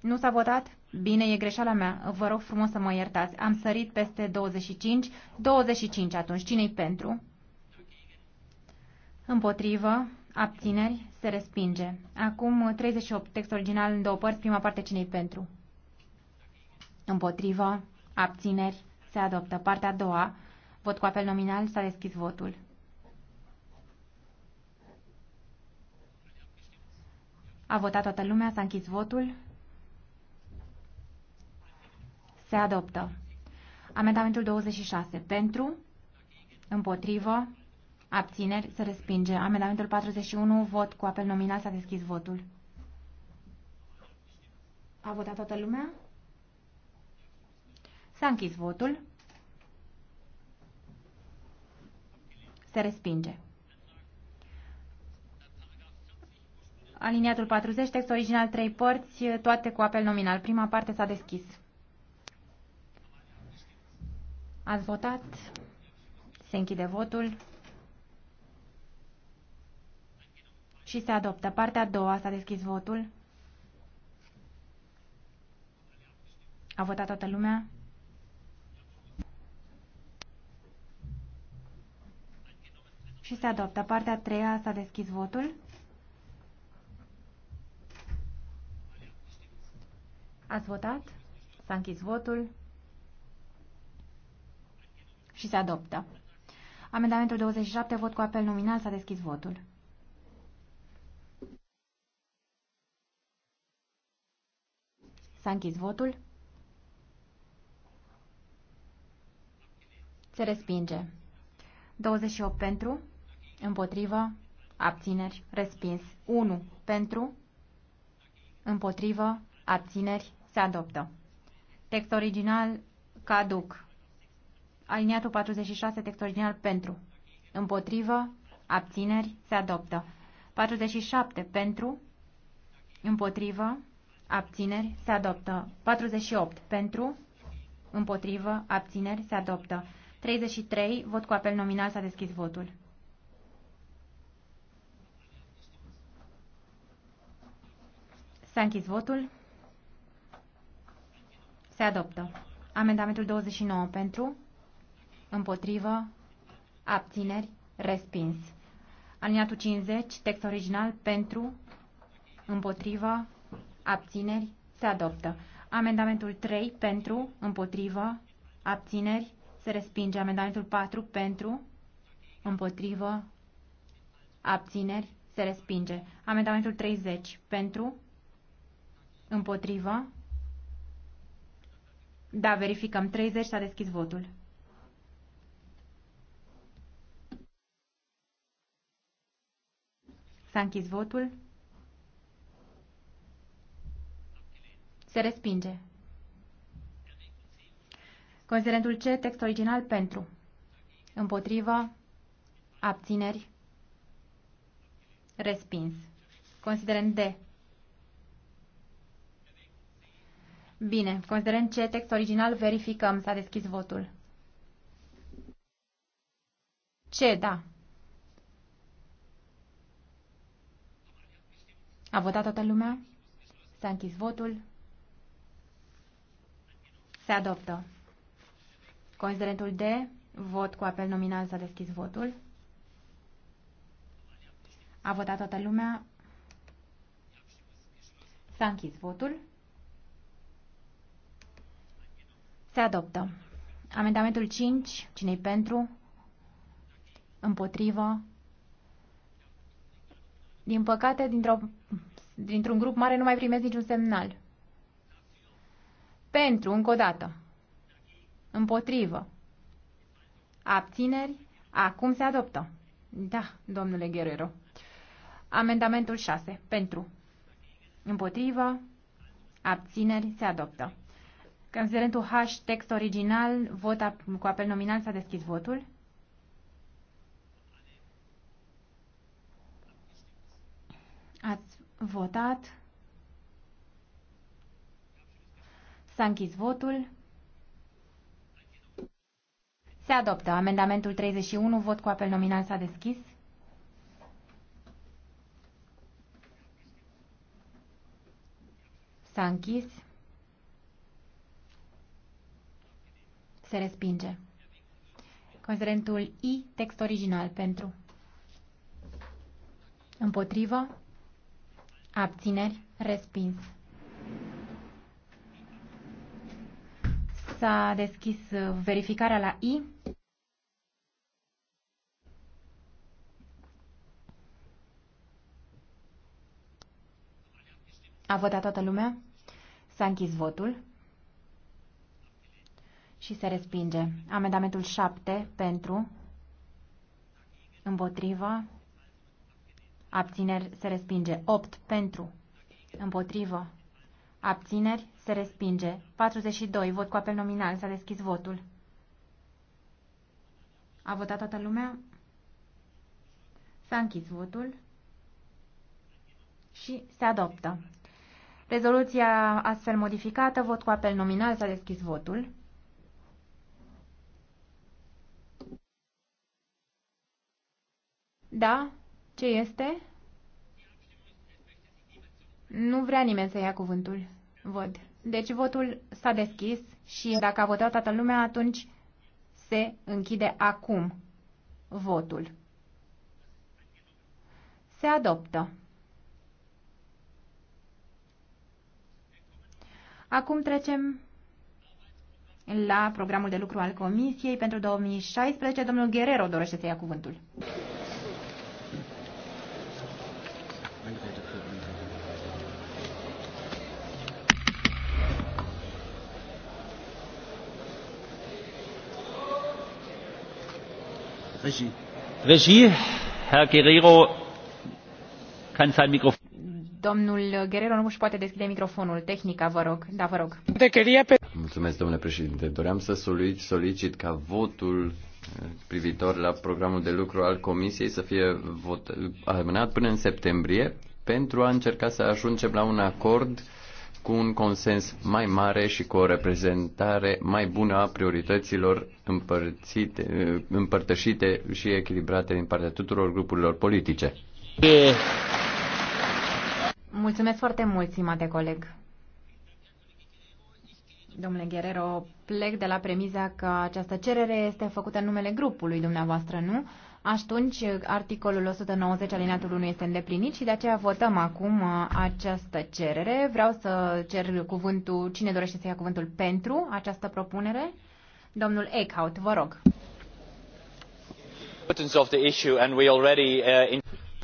Nu s-a votat? Bine, e greșeala mea. Vă rog frumos să mă iertați. Am sărit peste 25. 25 atunci. Cine-i pentru? Împotrivă? Abțineri? Se respinge. Acum 38. Text original în două părți. Prima parte cinei pentru? Împotrivă. Abțineri? Se adoptă. Partea a doua. Vot cu apel nominal. S-a deschis votul. A votat toată lumea. S-a închis votul. Se adoptă. Amendamentul 26. Pentru? Împotrivă? Abțineri se respinge. Amendamentul 41, vot cu apel nominal, s-a deschis votul. A votat toată lumea? S-a închis votul. Se respinge. Aliniatul 40, text original 3 părți, toate cu apel nominal. Prima parte s-a deschis. Ați votat. Se închide votul. și se adoptă. Partea a doua s-a deschis votul. A votat toată lumea? Și se adoptă. Partea a treia s-a deschis votul. Ați votat? S-a închis votul și se adoptă. Amendamentul 27, vot cu apel nominal, s-a deschis votul. S-a închis votul. Se respinge. 28 pentru, împotrivă, abțineri, respins. 1 pentru, împotrivă, abțineri, se adoptă. Text original, caduc. Aliniatul 46, text original, pentru. Împotrivă, abțineri, se adoptă. 47 pentru, împotrivă, abțineri, se adoptă. 48 pentru, împotrivă, abțineri, se adoptă. 33, vot cu apel nominal, s-a deschis votul. S-a închis votul. Se adoptă. Amendamentul 29 pentru, împotrivă, abțineri, respins. Aliniatul 50, text original, pentru, împotrivă, abțineri, se adoptă. Amendamentul 3 pentru, împotrivă, abțineri, se respinge. Amendamentul 4 pentru, împotrivă, abțineri, se respinge. Amendamentul 30 pentru, împotrivă, da, verificăm. 30 s-a deschis votul. S-a închis votul. Se respinge. Considerentul C, text original pentru. Împotrivă. Abțineri. Respins. Considerent D. Bine, considerent C, text original, verificăm. S-a deschis votul. C, da. A votat toată lumea? S-a închis votul. Se adoptă. Considerentul D, vot cu apel nominal, s-a deschis votul. A votat toată lumea. S-a închis votul. Se adoptă. Amendamentul 5, cine-i pentru? Împotrivă? Din păcate, dintr-un dintr grup mare nu mai primesc niciun semnal. Pentru, încă o dată. Împotrivă. Abțineri. Acum se adoptă. Da, domnule Guerrero. Amendamentul 6. Pentru. Împotrivă. Abțineri. Se adoptă. Considerentul H, text original, vot cu apel nominal, s-a deschis votul. Ați votat. S-a închis votul. Se adoptă. Amendamentul 31, vot cu apel nominal s-a deschis. S-a închis. Se respinge. Considerentul I, text original pentru. Împotrivă. Abțineri. Respins. S-a deschis uh, verificarea la I. A votat toată lumea? S-a închis votul și se respinge. Amendamentul 7 pentru, împotrivă, abțineri se respinge. 8 pentru, împotrivă, abțineri se respinge. 42. Vot cu apel nominal. S-a deschis votul. A votat toată lumea? S-a închis votul și se adoptă. Rezoluția astfel modificată, vot cu apel nominal, s-a deschis votul. Da? Ce este? Nu vrea nimeni să ia cuvântul. Văd. Deci votul s-a deschis și dacă a votat toată lumea, atunci se închide acum votul. Se adoptă. Acum trecem la programul de lucru al Comisiei pentru 2016. Domnul Guerrero dorește să ia cuvântul. Regie. Regie, Herr Guerrero kann sein Mikrofon. Domnul Guerrero nu își poate deschide microfonul. Tehnica, vă rog. Da, vă rog. Mulțumesc, domnule președinte. Doream să solicit ca votul eh, privitor la programul de lucru al Comisiei să fie vot, amânat până în septembrie pentru a încerca să ajungem la un acord uh, cu un consens mai mare și cu o reprezentare mai bună a priorităților împărțite, împărtășite și echilibrate din partea tuturor grupurilor politice. Mulțumesc foarte mult, stimate coleg. Domnule Guerrero, plec de la premiza că această cerere este făcută în numele grupului dumneavoastră, nu? Atunci, articolul 190 alineatul 1 este îndeplinit și de aceea votăm acum uh, această cerere. Vreau să cer cuvântul, cine dorește să ia cuvântul pentru această propunere? Domnul Eckhout, vă rog. Uh,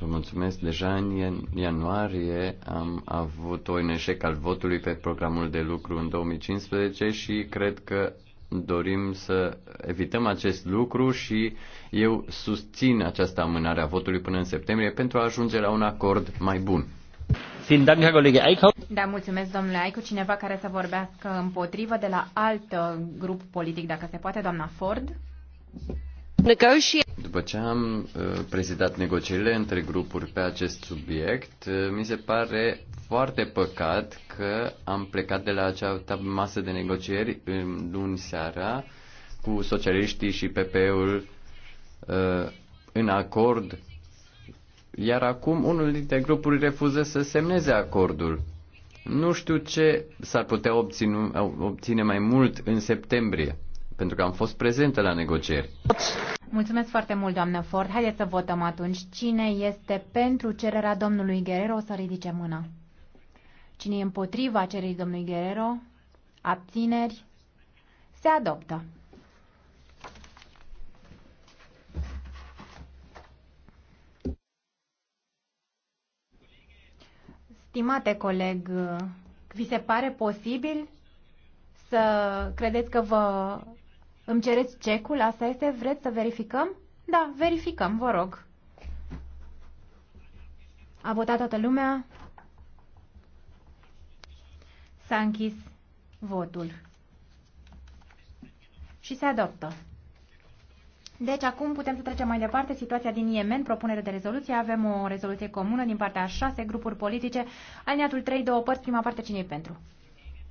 vă mulțumesc. Deja în ianuarie am avut un eșec al votului pe programul de lucru în 2015 și cred că dorim să evităm acest lucru și eu susțin această amânare a votului până în septembrie pentru a ajunge la un acord mai bun. Da, mulțumesc, domnule Aicu. Cineva care să vorbească împotrivă de la alt uh, grup politic, dacă se poate, doamna Ford? După ce am uh, prezidat negocierile între grupuri pe acest subiect, uh, mi se pare foarte păcat că am plecat de la acea masă de negocieri în luni seara cu socialiștii și PP-ul uh, în acord, iar acum unul dintre grupuri refuză să semneze acordul. Nu știu ce s-ar putea obține, obține mai mult în septembrie pentru că am fost prezentă la negocieri. Mulțumesc foarte mult, doamnă Ford. Haideți să votăm atunci. Cine este pentru cererea domnului Guerrero să ridice mâna? Cine e împotriva cererii domnului Guerrero? Abțineri? Se adoptă. Stimate coleg, vi se pare posibil să credeți că vă îmi cereți cecul? Asta este? Vreți să verificăm? Da, verificăm, vă rog. A votat toată lumea. S-a închis votul. Și se adoptă. Deci acum putem să trecem mai departe. Situația din Yemen, propunere de rezoluție. Avem o rezoluție comună din partea a șase grupuri politice. Alineatul 3, două părți, prima parte cine pentru?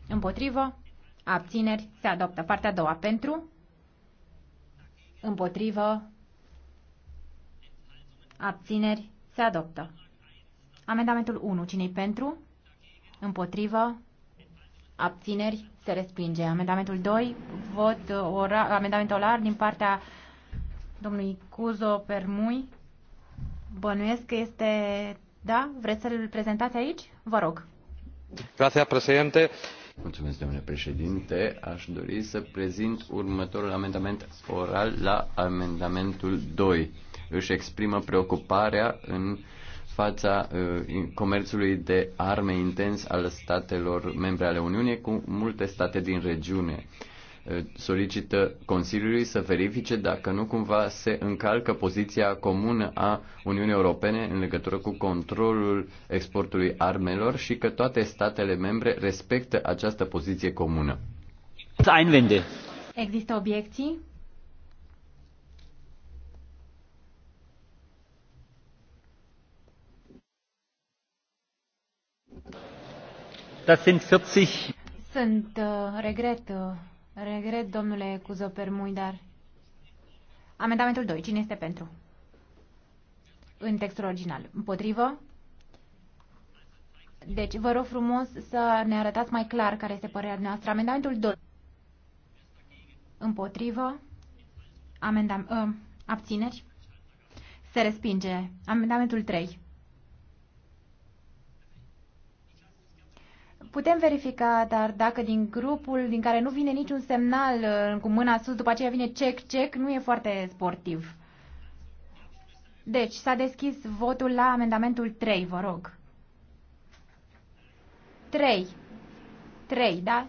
Împotrivă, abțineri, se adoptă. Partea a doua pentru, Împotrivă. Abțineri. Se adoptă. Amendamentul 1. Cine-i pentru? Împotrivă. Abțineri. Se respinge. Amendamentul 2. Vot ora, amendament olar din partea domnului Cuzo Permui. Bănuiesc că este... Da? Vreți să-l prezentați aici? Vă rog. Grazie, președinte. Mulțumesc, domnule președinte. Aș dori să prezint următorul amendament oral la amendamentul 2. Își exprimă preocuparea în fața uh, comerțului de arme intens al statelor membre ale Uniunii cu multe state din regiune. Uh, solicită Consiliului să verifice dacă nu cumva se încalcă poziția comună a Uniunii Europene în legătură cu controlul exportului armelor și că toate statele membre respectă această poziție comună. Există obiecții? Das sind 40. Sunt, uh, regret, uh, Regret, domnule Cuzopermui, dar... Amendamentul 2. Cine este pentru? În textul original. Împotrivă? Deci, vă rog frumos să ne arătați mai clar care este părerea noastră. Amendamentul 2. Împotrivă? Amendam... Uh, abțineri? Se respinge. Amendamentul 3. Putem verifica, dar dacă din grupul din care nu vine niciun semnal uh, cu mâna sus, după aceea vine check, check, nu e foarte sportiv. Deci, s-a deschis votul la amendamentul 3, vă rog. 3. 3, da?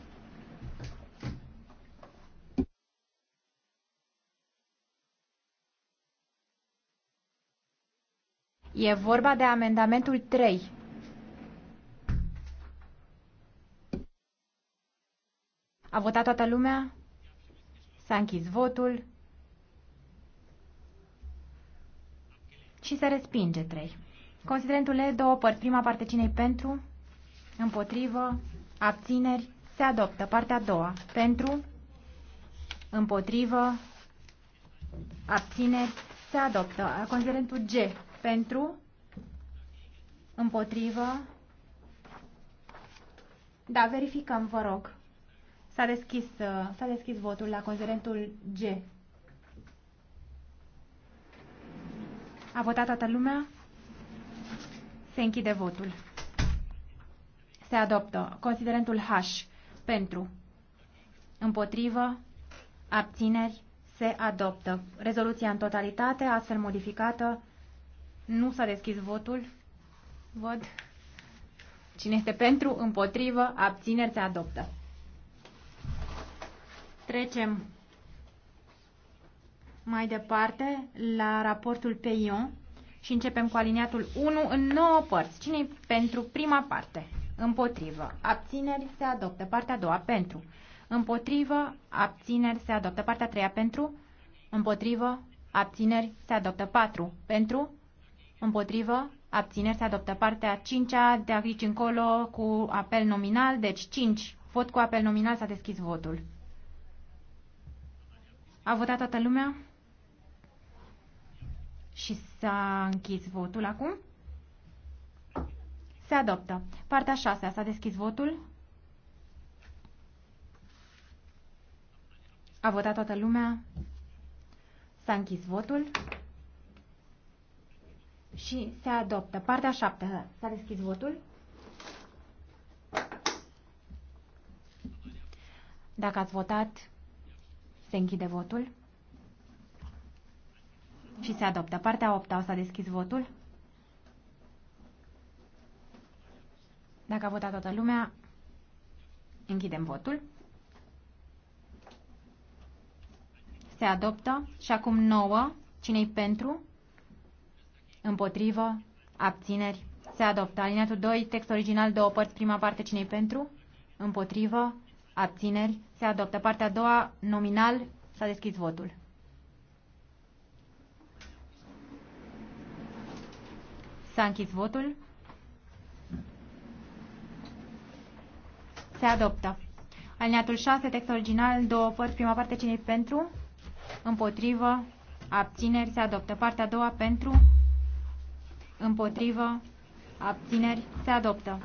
E vorba de amendamentul 3. A votat toată lumea? S-a închis votul. Și se respinge 3. Considerentul E, două părți. Prima parte cinei pentru, împotrivă, abțineri, se adoptă. Partea a doua, pentru, împotrivă, abțineri, se adoptă. Considerentul G, pentru, împotrivă, da, verificăm, vă rog. S-a deschis, uh, s-a deschis votul la considerentul G. A votat toată lumea? Se închide votul. Se adoptă considerentul H pentru împotrivă abțineri se adoptă. Rezoluția în totalitate, astfel modificată, nu s-a deschis votul. Văd. Cine este pentru, împotrivă, abțineri se adoptă. Trecem mai departe la raportul Peion și începem cu aliniatul 1 în 9 părți. cine pentru prima parte? Împotrivă. Abțineri se adoptă. Partea a doua pentru. Împotrivă. Abțineri se adoptă. Partea a treia pentru. Împotrivă. Abțineri se adoptă. 4. Pentru. Împotrivă. Abțineri se adoptă. Partea a cincea de aici încolo cu apel nominal. Deci 5. Vot cu apel nominal s-a deschis votul. A votat toată lumea? Și s-a închis votul acum? Se adoptă. Partea 6. S-a deschis votul. A votat toată lumea. S-a închis votul. Și se adoptă. Partea 7. S-a deschis votul. Dacă ați votat, se închide votul. Și se adoptă. Partea 8 o a deschis votul. Dacă a votat toată lumea, închidem votul. Se adoptă. Și acum 9. Cine-i pentru? Împotrivă? Abțineri? Se adoptă. Alineatul 2, text original, două părți, prima parte, cine-i pentru? Împotrivă? Abțineri? Se adoptă. Partea a doua, nominal, s-a deschis votul. S-a închis votul. Se adoptă. Alineatul 6, text original, două părți, prima parte cine pentru, împotrivă, abțineri, se adoptă. Partea a doua pentru, împotrivă, abțineri, se adoptă.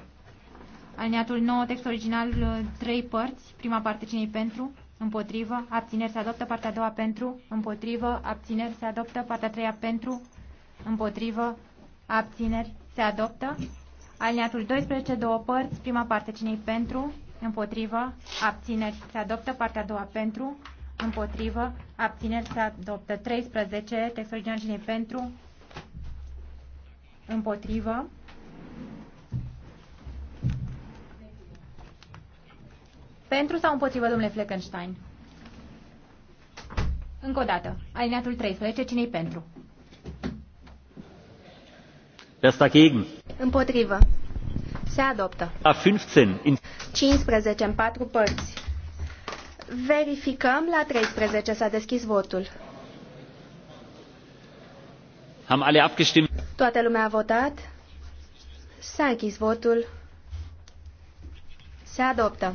Alineatul 9, text original, uh, trei părți. Prima parte cinei pentru, împotrivă, abțineri se adoptă, partea a doua pentru, împotrivă, abțineri se adoptă, partea a treia pentru, împotrivă, abțineri se adoptă. Alineatul 12, două părți, prima parte cinei pentru, împotrivă, abțineri se adoptă, partea a doua pentru, împotrivă, abțineri se adoptă. 13, text original cinei pentru, împotrivă, Pentru sau împotrivă, domnule Fleckenstein? Încă o dată. Alineatul 13. Cine-i pentru? Wer gegen. Împotrivă. Se adoptă. A da, 15. In... 15 în patru părți. Verificăm la 13. S-a deschis votul. Am alle abgestimmt. Toată lumea a votat. S-a închis votul. Se adoptă.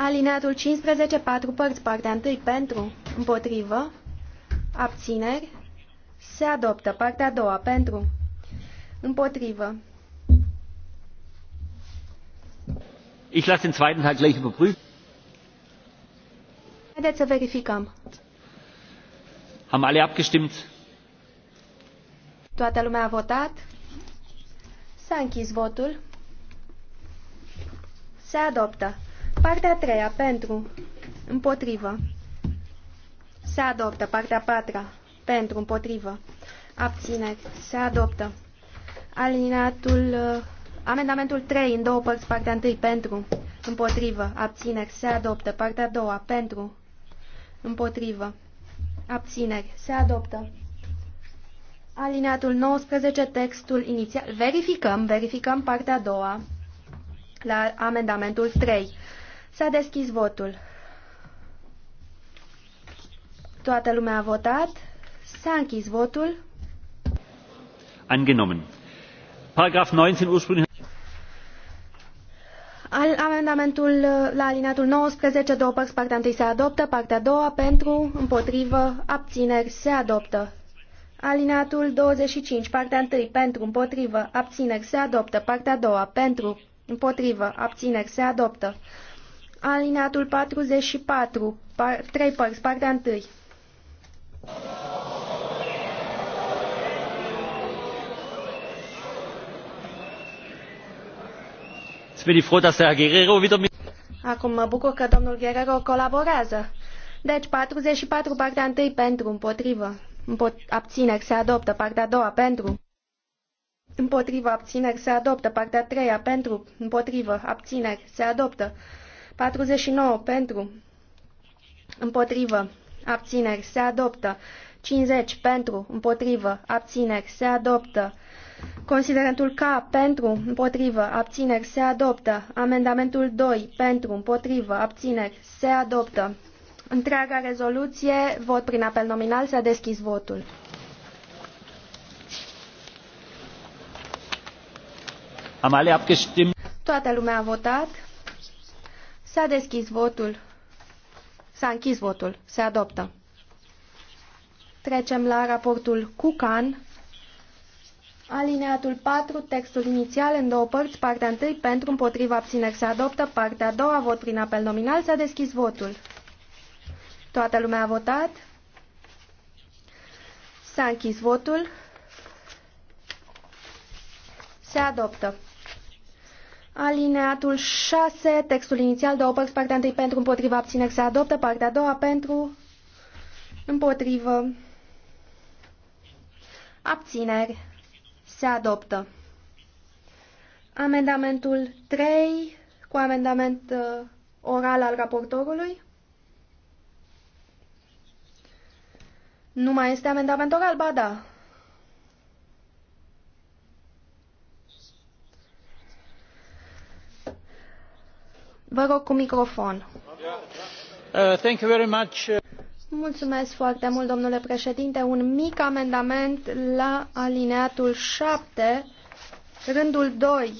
Alineatul 15, 4 părți, partea 1 pentru, împotrivă, abțineri, se adoptă. Partea 2 pentru, împotrivă. Ich lasse den zweiten Teil gleich überprüfen. Haideți să verificăm. Am alle abgestimmt? Toată lumea a votat? S-a închis votul. Se adoptă. Partea a treia, pentru, împotrivă. Se adoptă. Partea a patra, pentru, împotrivă. Abțineri, se adoptă. Alineatul, uh, amendamentul 3, în două părți, partea 1, pentru, împotrivă. Abțineri, se adoptă. Partea a doua, pentru, împotrivă. Abțineri, se adoptă. Alineatul 19, textul inițial. Verificăm, verificăm partea a doua la amendamentul 3. S-a deschis votul. Toată lumea a votat. S-a închis votul. Angenommen. Paragraf 19 ursprünglich al amendamentul uh, la alinatul 19, două părți, partea 1 se adoptă, partea 2 pentru, împotrivă, abțineri, se adoptă. Alinatul 25, partea 1, pentru, împotrivă, abțineri, se adoptă, partea 2 pentru, împotrivă, abțineri, se adoptă. Alineatul 44, par, trei părți, partea întâi. Acum mă bucur că domnul Guerrero colaborează. Deci 44, partea întâi pentru, împotrivă. Împot- abțineri se adoptă, partea a doua pentru. Împotrivă, abțineri se adoptă, partea a treia pentru, împotrivă, abțineri se adoptă. 49 pentru, împotrivă, abțineri, se adoptă. 50 pentru, împotrivă, abțineri, se adoptă. Considerentul K pentru, împotrivă, abțineri, se adoptă. Amendamentul 2 pentru, împotrivă, abțineri, se adoptă. Întreaga rezoluție, vot prin apel nominal, s-a deschis votul. Am alle abgestimmt. Toată lumea a votat. S-a deschis votul. S-a închis votul. Se adoptă. Trecem la raportul Cucan. Alineatul 4, textul inițial în două părți, partea 1 pentru împotriva abțineri se adoptă, partea a doua vot prin apel nominal, s-a deschis votul. Toată lumea a votat. S-a închis votul. Se adoptă. Alineatul 6, textul inițial, două părți, partea 1 pentru, împotriva, abțineri se adoptă, partea a doua pentru, împotrivă, abțineri se adoptă. Amendamentul 3 cu amendament uh, oral al raportorului. Nu mai este amendament oral? Ba da. Vă rog cu microfon. Uh, thank you very much. Mulțumesc foarte mult, domnule președinte. Un mic amendament la alineatul 7, rândul 2.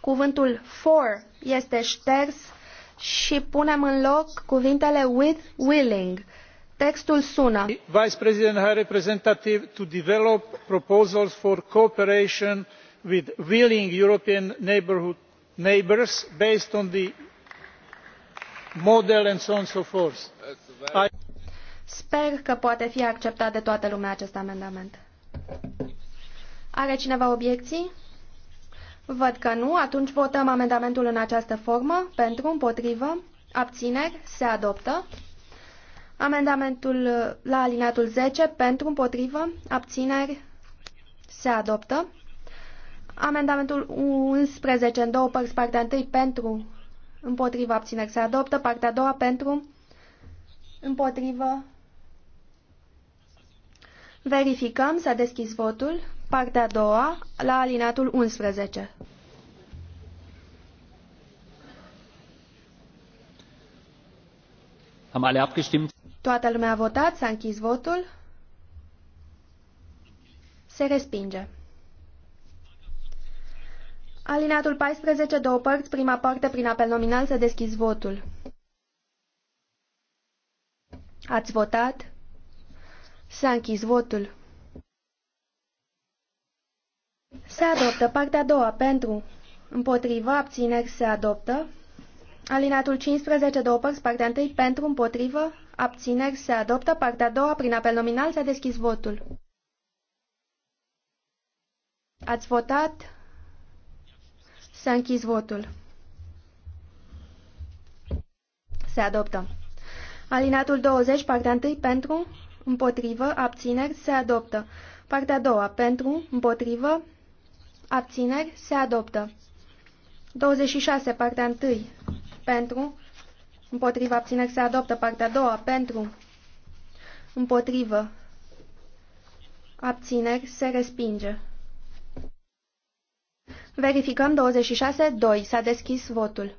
Cuvântul for este șters și punem în loc cuvintele with willing. Textul sună. Vice President High Representative to develop proposals for cooperation with willing European neighborhood neighbours based on the model and so on and so forth. I... Sper că poate fi acceptat de toată lumea acest amendament. Are cineva obiecții? Văd că nu, atunci votăm amendamentul în această formă, pentru, împotrivă, abțineri, se adoptă. Amendamentul la alineatul 10, pentru, împotrivă, abțineri, se adoptă. Amendamentul 11 în două părți, partea 1 pentru, împotriva abțineri se adoptă, partea a doua pentru, împotrivă. Verificăm, s-a deschis votul, partea a doua, la alineatul 11. Am alle abgestimmt? Toată lumea a votat, s-a închis votul. Se respinge. Alineatul 14, două părți, prima parte prin apel nominal, să deschizi votul. Ați votat? S-a închis votul. Se adoptă partea a doua pentru. Împotriva, abțineri, se adoptă. Alineatul 15, două părți, partea întâi, pentru, împotrivă, abțineri, se adoptă. Partea a doua, prin apel nominal, s-a deschis votul. Ați votat? S-a închis votul. Se adoptă. Alinatul 20, partea 1, pentru, împotrivă, abțineri, se adoptă. Partea a doua, pentru, împotrivă, abțineri, se adoptă. 26, partea 1, pentru, împotrivă, abțineri, se adoptă. Partea a doua, pentru, împotrivă, abțineri, se respinge. Verificăm 26, 2. S-a deschis votul.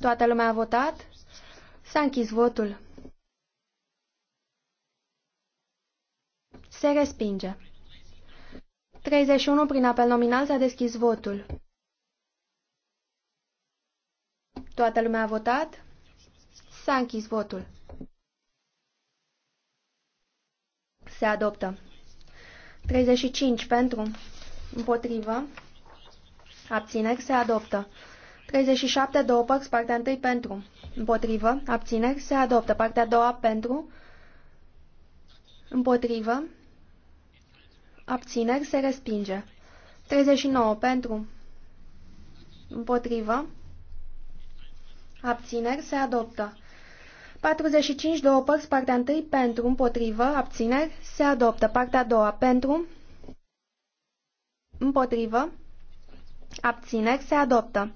Toată lumea a votat? S-a închis votul. Se respinge. 31 prin apel nominal s-a deschis votul. Toată lumea a votat? S-a închis votul. Se adoptă. 35 pentru, împotrivă, abțineri se adoptă. 37 două părți, partea 1 pentru, împotrivă, abțineri se adoptă. Partea a doua pentru, împotrivă, abțineri se respinge. 39 pentru, împotrivă, abțineri se adoptă. 45, două părți, partea 1, pentru, împotrivă, abțineri, se adoptă. Partea a doua, pentru, împotrivă, abțineri, se adoptă.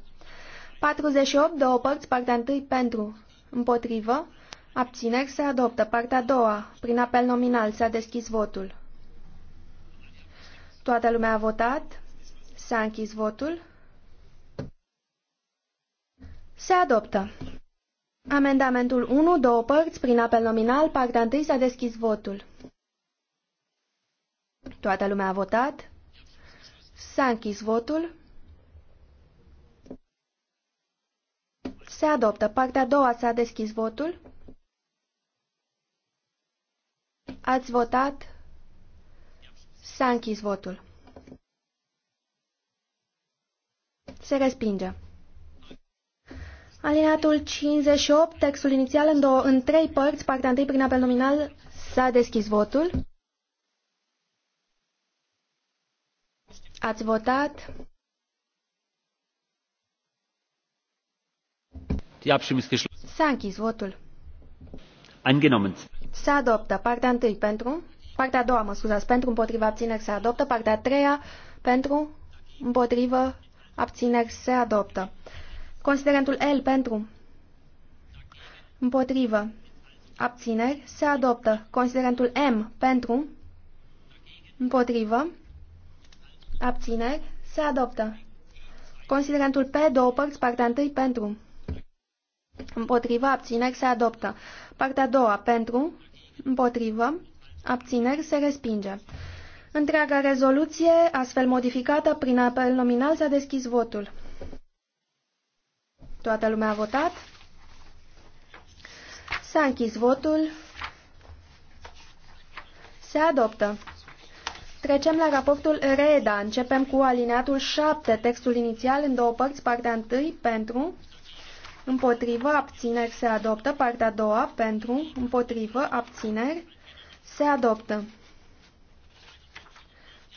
48, două părți, partea 1, pentru, împotrivă, abțineri, se adoptă. Partea a doua, prin apel nominal, s-a deschis votul. Toată lumea a votat, s-a închis votul, se adoptă. Amendamentul 1, două părți, prin apel nominal, partea 1 s-a deschis votul. Toată lumea a votat. S-a închis votul. Se adoptă. Partea a doua s-a deschis votul. Ați votat. S-a închis votul. Se respinge. Alineatul 58, textul inițial în, două, în trei părți, partea întâi prin apel nominal, s-a deschis votul. Ați votat. S-a închis votul. Angenommen. Se adoptă partea întâi pentru, partea a doua, mă scuzați, pentru împotriva abțineri se adoptă, partea a treia pentru împotrivă abțineri se adoptă. Considerentul L pentru. Împotrivă. Abțineri. Se adoptă. Considerentul M pentru. Împotrivă. Abțineri. Se adoptă. Considerentul P, două părți, partea întâi pentru. Împotrivă, abțineri, se adoptă. Partea a doua, pentru, împotrivă, abțineri, se respinge. Întreaga rezoluție, astfel modificată prin apel nominal, s-a deschis votul. Toată lumea a votat? S-a închis votul. Se adoptă. Trecem la raportul REDA. Începem cu alineatul 7, textul inițial în două părți, partea 1 pentru, împotrivă, abțineri se adoptă, partea 2 pentru, împotrivă, abțineri se adoptă.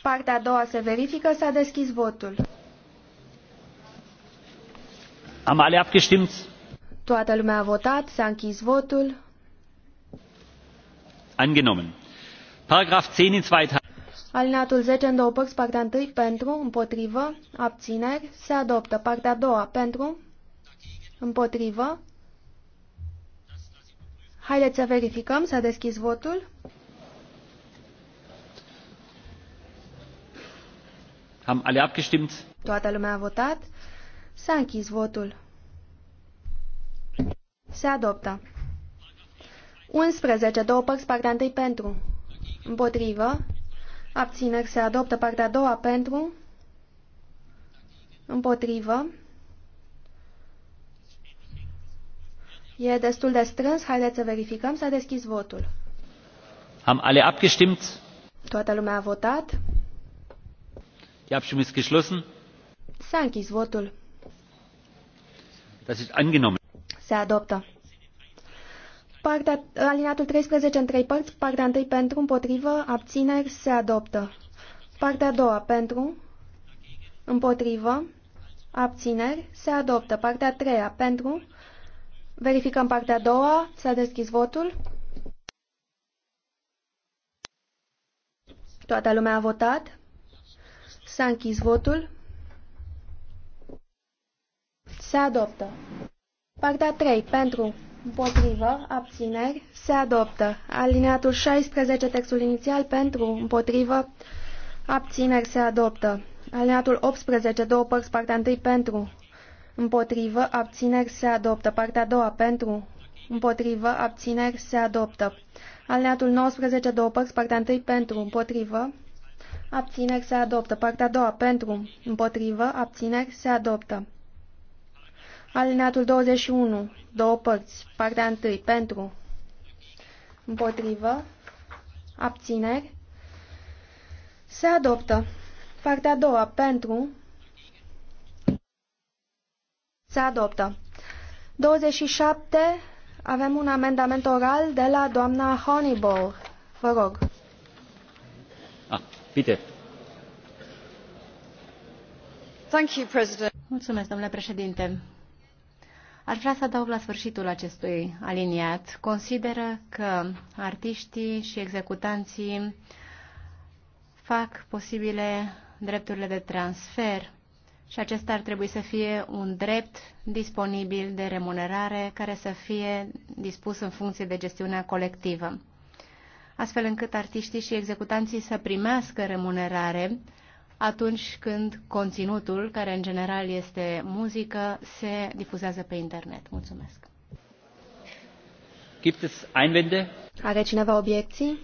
Partea a doua se verifică, s-a deschis votul. Am alle abgestimmt? Toată lumea a votat, s-a închis votul. Angenommen. Paragraf 10 in zweiter. Alineatul 10 în două părți, partea 1 pentru, împotrivă, abțineri, se adoptă. Partea a doua pentru, împotrivă. Haideți să verificăm, s-a deschis votul. Am alle abgestimmt? Toată lumea a votat. S-a închis votul. Se adoptă. 11. Două părți, partea întâi pentru. Împotrivă. Abțineri se adoptă partea a doua pentru. Împotrivă. E destul de strâns, haideți să verificăm, s-a deschis votul. Am alle abgestimmt? Toată lumea a votat. Die Abstimmung ist geschlossen. S-a închis votul. Se adoptă. Partea, alineatul 13 în trei părți, partea 1 pentru, împotrivă, abțineri, se adoptă. Partea a doua pentru, împotrivă, abțineri, se adoptă. Partea a treia pentru, verificăm partea a doua, s-a deschis votul. Toată lumea a votat. S-a închis votul se adoptă. Partea 3. Pentru, împotrivă, abțineri, se adoptă. Alineatul 16, textul inițial, pentru, împotrivă, abțineri, se adoptă. Alineatul 18, două părți, partea 1, pentru, împotrivă, abțineri, se adoptă. Partea 2, pentru, împotrivă, abțineri, se adoptă. Alineatul 19, două părți, partea 1, pentru, împotrivă, abțineri, se adoptă. Partea 2, pentru, împotrivă, abțineri, se adoptă. Alineatul 21, două părți. Partea 1, pentru, împotrivă, abțineri, se adoptă. Partea a doua, pentru, se adoptă. 27, avem un amendament oral de la doamna Honeyball. Vă rog. Ah, President. Mulțumesc, domnule președinte Aș vrea să adaug la sfârșitul acestui aliniat. Consideră că artiștii și executanții fac posibile drepturile de transfer și acesta ar trebui să fie un drept disponibil de remunerare care să fie dispus în funcție de gestiunea colectivă, astfel încât artiștii și executanții să primească remunerare atunci când conținutul, care în general este muzică, se difuzează pe internet. Mulțumesc. Gibt es Einwände? Are cineva obiecții?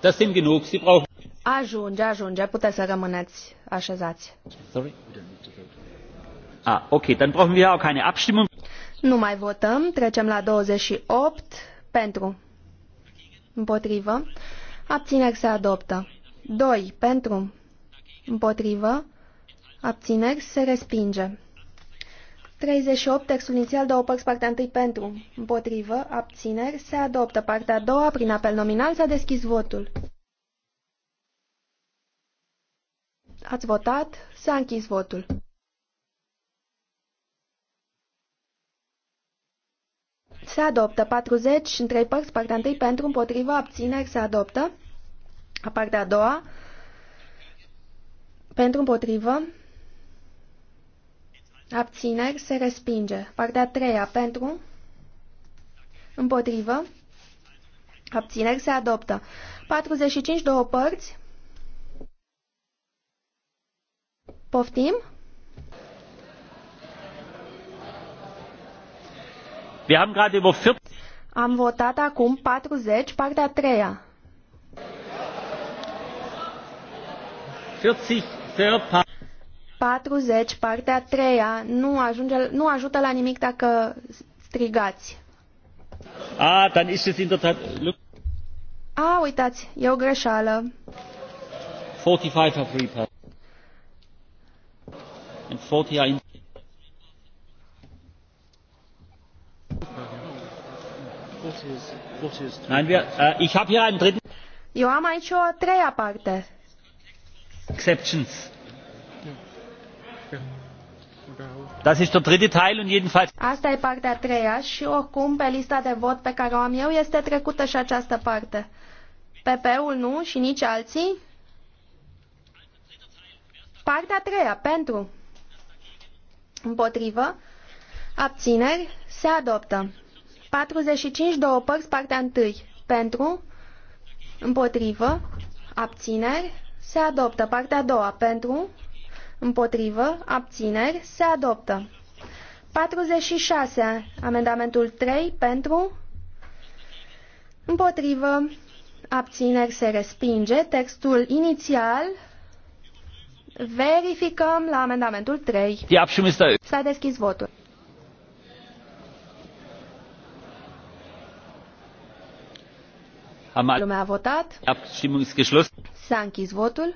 Das sind genug. Sie brauchen Ajunge, ajunge, puteți să rămâneți așezați. Sorry? Ah, ok, dann brauchen wir auch keine Abstimmung. Nu mai votăm, trecem la 28 pentru. Împotrivă. Abțineri se adoptă. 2. Pentru. Împotrivă. Abțineri se respinge. 38. Textul inițial, două părți, partea 1 pentru. Împotrivă. Abțineri se adoptă. Partea a doua, prin apel nominal, s-a deschis votul. Ați votat? S-a închis votul. Se adoptă 40 în trei părți, partea întâi pentru, împotriva, abțineri, se adoptă. A partea a doua, pentru, împotrivă, abțineri, se respinge. Partea a treia, pentru, împotrivă, abțineri, se adoptă. 45, două părți. Poftim? Wir haben gerade über 40 am votat acum 40, partea a treia. 40, 40, partea a treia. Nu, ajunge, nu ajută la nimic dacă strigați. Ah, dann ist es in der Tat... A, uitați, e o greșeală. 45 are 40 are in... Äh, eu am aici o a treia parte. Exceptions. Das ist der dritte Teil und jedenfalls. Asta e partea a treia și oricum pe lista de vot pe care o am eu este trecută și această parte. PP-ul nu și nici alții. Partea a treia, pentru. Împotrivă. Abțineri. Se adoptă. 45, două părți, partea întâi. Pentru, împotrivă, abțineri, se adoptă. Partea a doua, pentru, împotrivă, abțineri, se adoptă. 46, amendamentul 3, pentru, împotrivă, abțineri, se respinge. Textul inițial, verificăm la amendamentul 3. S-a deschis votul. Lumea a votat. S-a închis votul.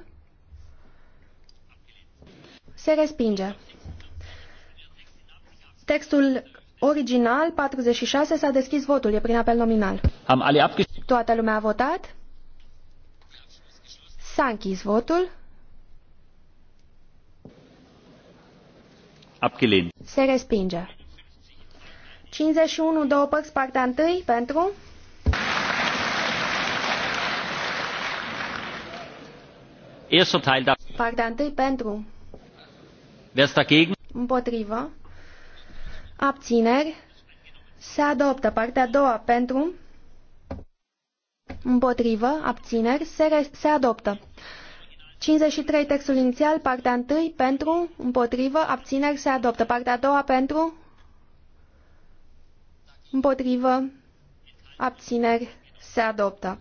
Se respinge. Textul original 46 s-a deschis votul, e prin apel nominal. Am alle Toată lumea a votat. S-a închis votul. Abgelehnt. Se respinge. 51, două părți, partea întâi, pentru, Erster Teil da. Partea întâi pentru. Wer ist dagegen? Împotrivă. Abțineri. Se adoptă partea a doua pentru. Împotrivă. Abțineri. Se, re... se adoptă. 53 textul inițial, partea 1 pentru, împotrivă, abțineri se adoptă. Partea a doua pentru, împotrivă, abțineri se adoptă.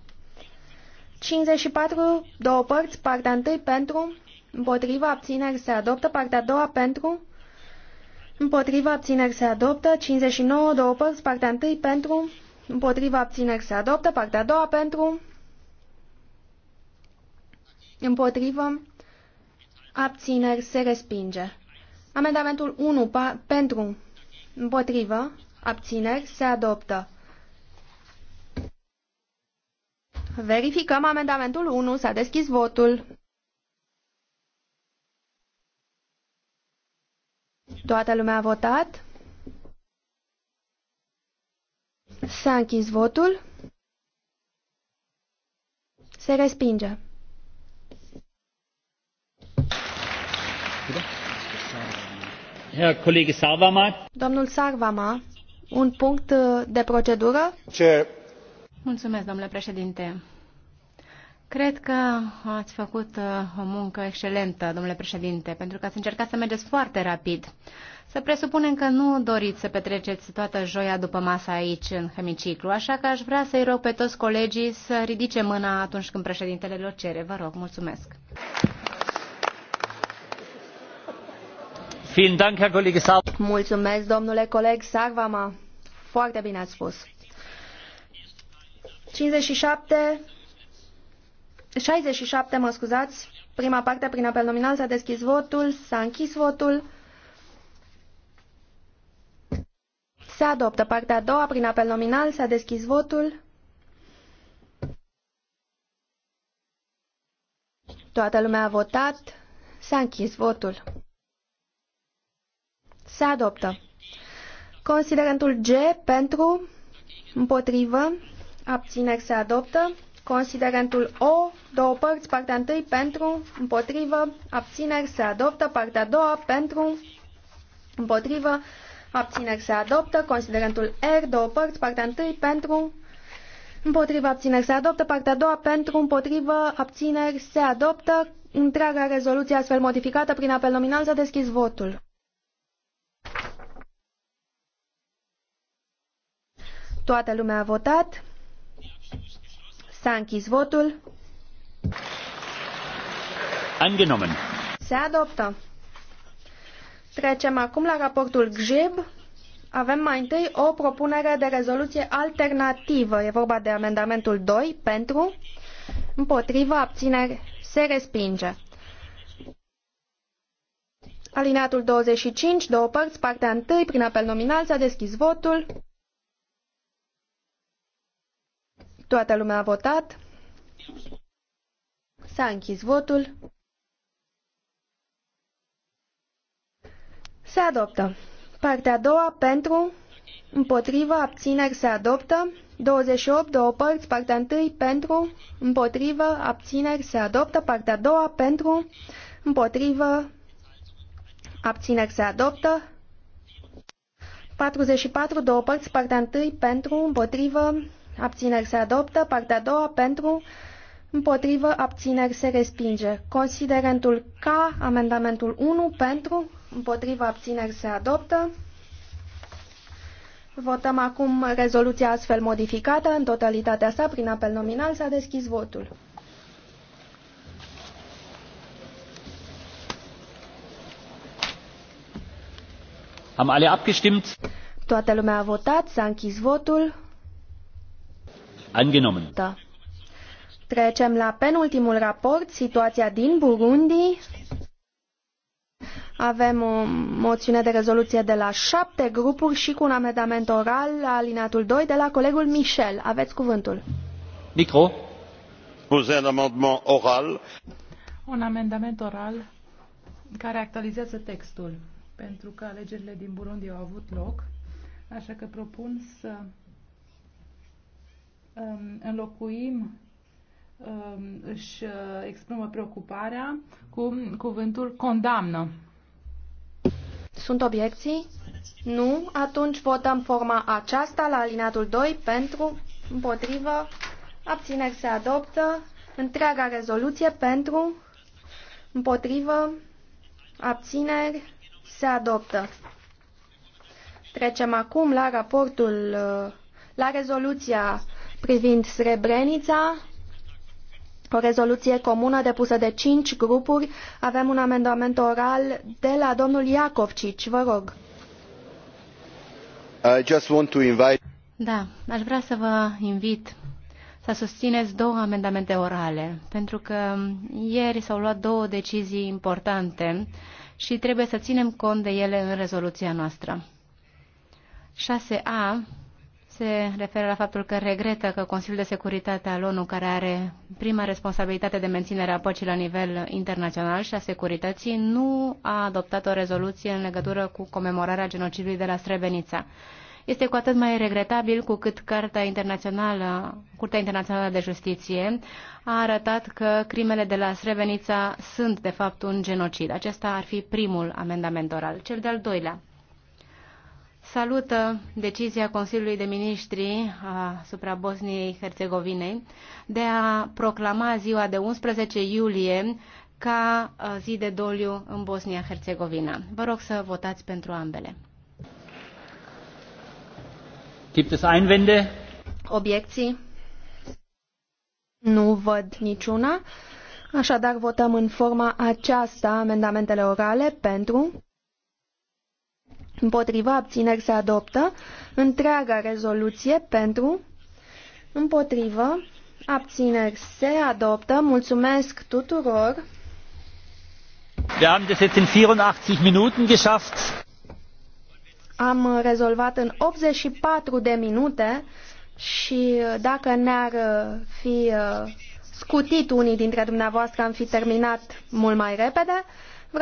54, două părți, partea întâi pentru, împotriva abțineri se adoptă, partea a doua pentru, împotriva abțineri se adoptă, 59, două părți, partea întâi pentru, împotriva abțineri se adoptă, partea a doua pentru, împotriva abțineri se respinge. Amendamentul 1 pentru, împotriva abțineri se adoptă. Verificăm amendamentul 1. S-a deschis votul. Toată lumea a votat. S-a închis votul. Se respinge. Domnul Sarvama, un punct de procedură? Ce Mulțumesc, domnule președinte. Cred că ați făcut uh, o muncă excelentă, domnule președinte, pentru că ați încercat să mergeți foarte rapid. Să presupunem că nu doriți să petreceți toată joia după masa aici, în hemiciclu, așa că aș vrea să-i rog pe toți colegii să ridice mâna atunci când președintele le cere. Vă rog, mulțumesc. Mulțumesc, domnule coleg Sarvama. Foarte bine ați spus. 57, 67, mă scuzați, prima parte prin apel nominal s-a deschis votul, s-a închis votul. Se adoptă partea a doua prin apel nominal, s-a deschis votul. Toată lumea a votat, s-a închis votul. Se adoptă. Considerentul G pentru, împotrivă, Abțineri se adoptă. Considerentul O, două părți, partea întâi pentru, împotrivă, abțineri se adoptă, partea a doua pentru, împotrivă, abțineri se adoptă, considerentul R, două părți, partea întâi pentru, împotrivă, abțineri se adoptă, partea a doua pentru, împotrivă, abțineri se adoptă, întreaga rezoluție astfel modificată prin apel nominal s-a deschis votul. Toată lumea a votat. S-a închis votul. Angenommen. Se adoptă. Trecem acum la raportul GJIB. Avem mai întâi o propunere de rezoluție alternativă. E vorba de amendamentul 2 pentru, împotriva, abțineri, se respinge. Alineatul 25, două părți, partea 1, prin apel nominal s-a deschis votul. Toată lumea a votat. S-a închis votul. Se adoptă. Partea a doua pentru, împotrivă, abțineri se adoptă. 28, două părți, partea întâi pentru, împotrivă, abțineri se adoptă. Partea a doua pentru, împotrivă, abțineri se adoptă. 44, două părți, partea întâi pentru, împotrivă, Abțineri se adoptă. Partea a doua pentru. Împotrivă. Abțineri se respinge. Considerentul K, amendamentul 1 pentru. Împotrivă. Abțineri se adoptă. Votăm acum rezoluția astfel modificată. În totalitatea sa, prin apel nominal, s-a deschis votul. Am alle abgestimmt? Toată lumea a votat, s-a închis votul. Angenommen. Da. Trecem la penultimul raport, situația din Burundi. Avem o moțiune de rezoluție de la șapte grupuri și cu un amendament oral la alinatul 2 de la colegul Michel. Aveți cuvântul. Micro. Un amendament oral. Un amendament oral care actualizează textul, pentru că alegerile din Burundi au avut loc, așa că propun să Um, înlocuim um, își uh, exprimă preocuparea cu cuvântul condamnă. Sunt obiecții? Nu? Atunci votăm forma aceasta la alineatul 2 pentru, împotrivă, abțineri se adoptă, întreaga rezoluție pentru, împotrivă, abțineri se adoptă. Trecem acum la raportul, uh, la rezoluția privind Srebrenica, o rezoluție comună depusă de cinci grupuri. Avem un amendament oral de la domnul Iacovcici. Vă rog. I just want to invite... Da, aș vrea să vă invit să susțineți două amendamente orale, pentru că ieri s-au luat două decizii importante și trebuie să ținem cont de ele în rezoluția noastră. 6A se referă la faptul că regretă că Consiliul de Securitate al ONU, care are prima responsabilitate de menținere a păcii la nivel internațional și a securității, nu a adoptat o rezoluție în legătură cu comemorarea genocidului de la Srebrenica. Este cu atât mai regretabil cu cât Carta Internațională, Curtea Internațională de Justiție a arătat că crimele de la Srebrenica sunt de fapt un genocid. Acesta ar fi primul amendament oral. Cel de-al doilea salută decizia Consiliului de Ministri asupra Bosniei Herțegovinei de a proclama ziua de 11 iulie ca uh, zi de doliu în bosnia Herțegovina. Vă rog să votați pentru ambele. Gibt es Einwände? Obiecții? Nu văd niciuna. Așadar, votăm în forma aceasta amendamentele orale pentru, Împotriva abțineri se adoptă întreaga rezoluție pentru, împotrivă, abțineri se adoptă. Mulțumesc tuturor! Wir haben das jetzt in 84 Minuten geschafft. Am rezolvat în 84 de minute și dacă ne-ar fi uh, scutit unii dintre dumneavoastră, am fi terminat mult mai repede.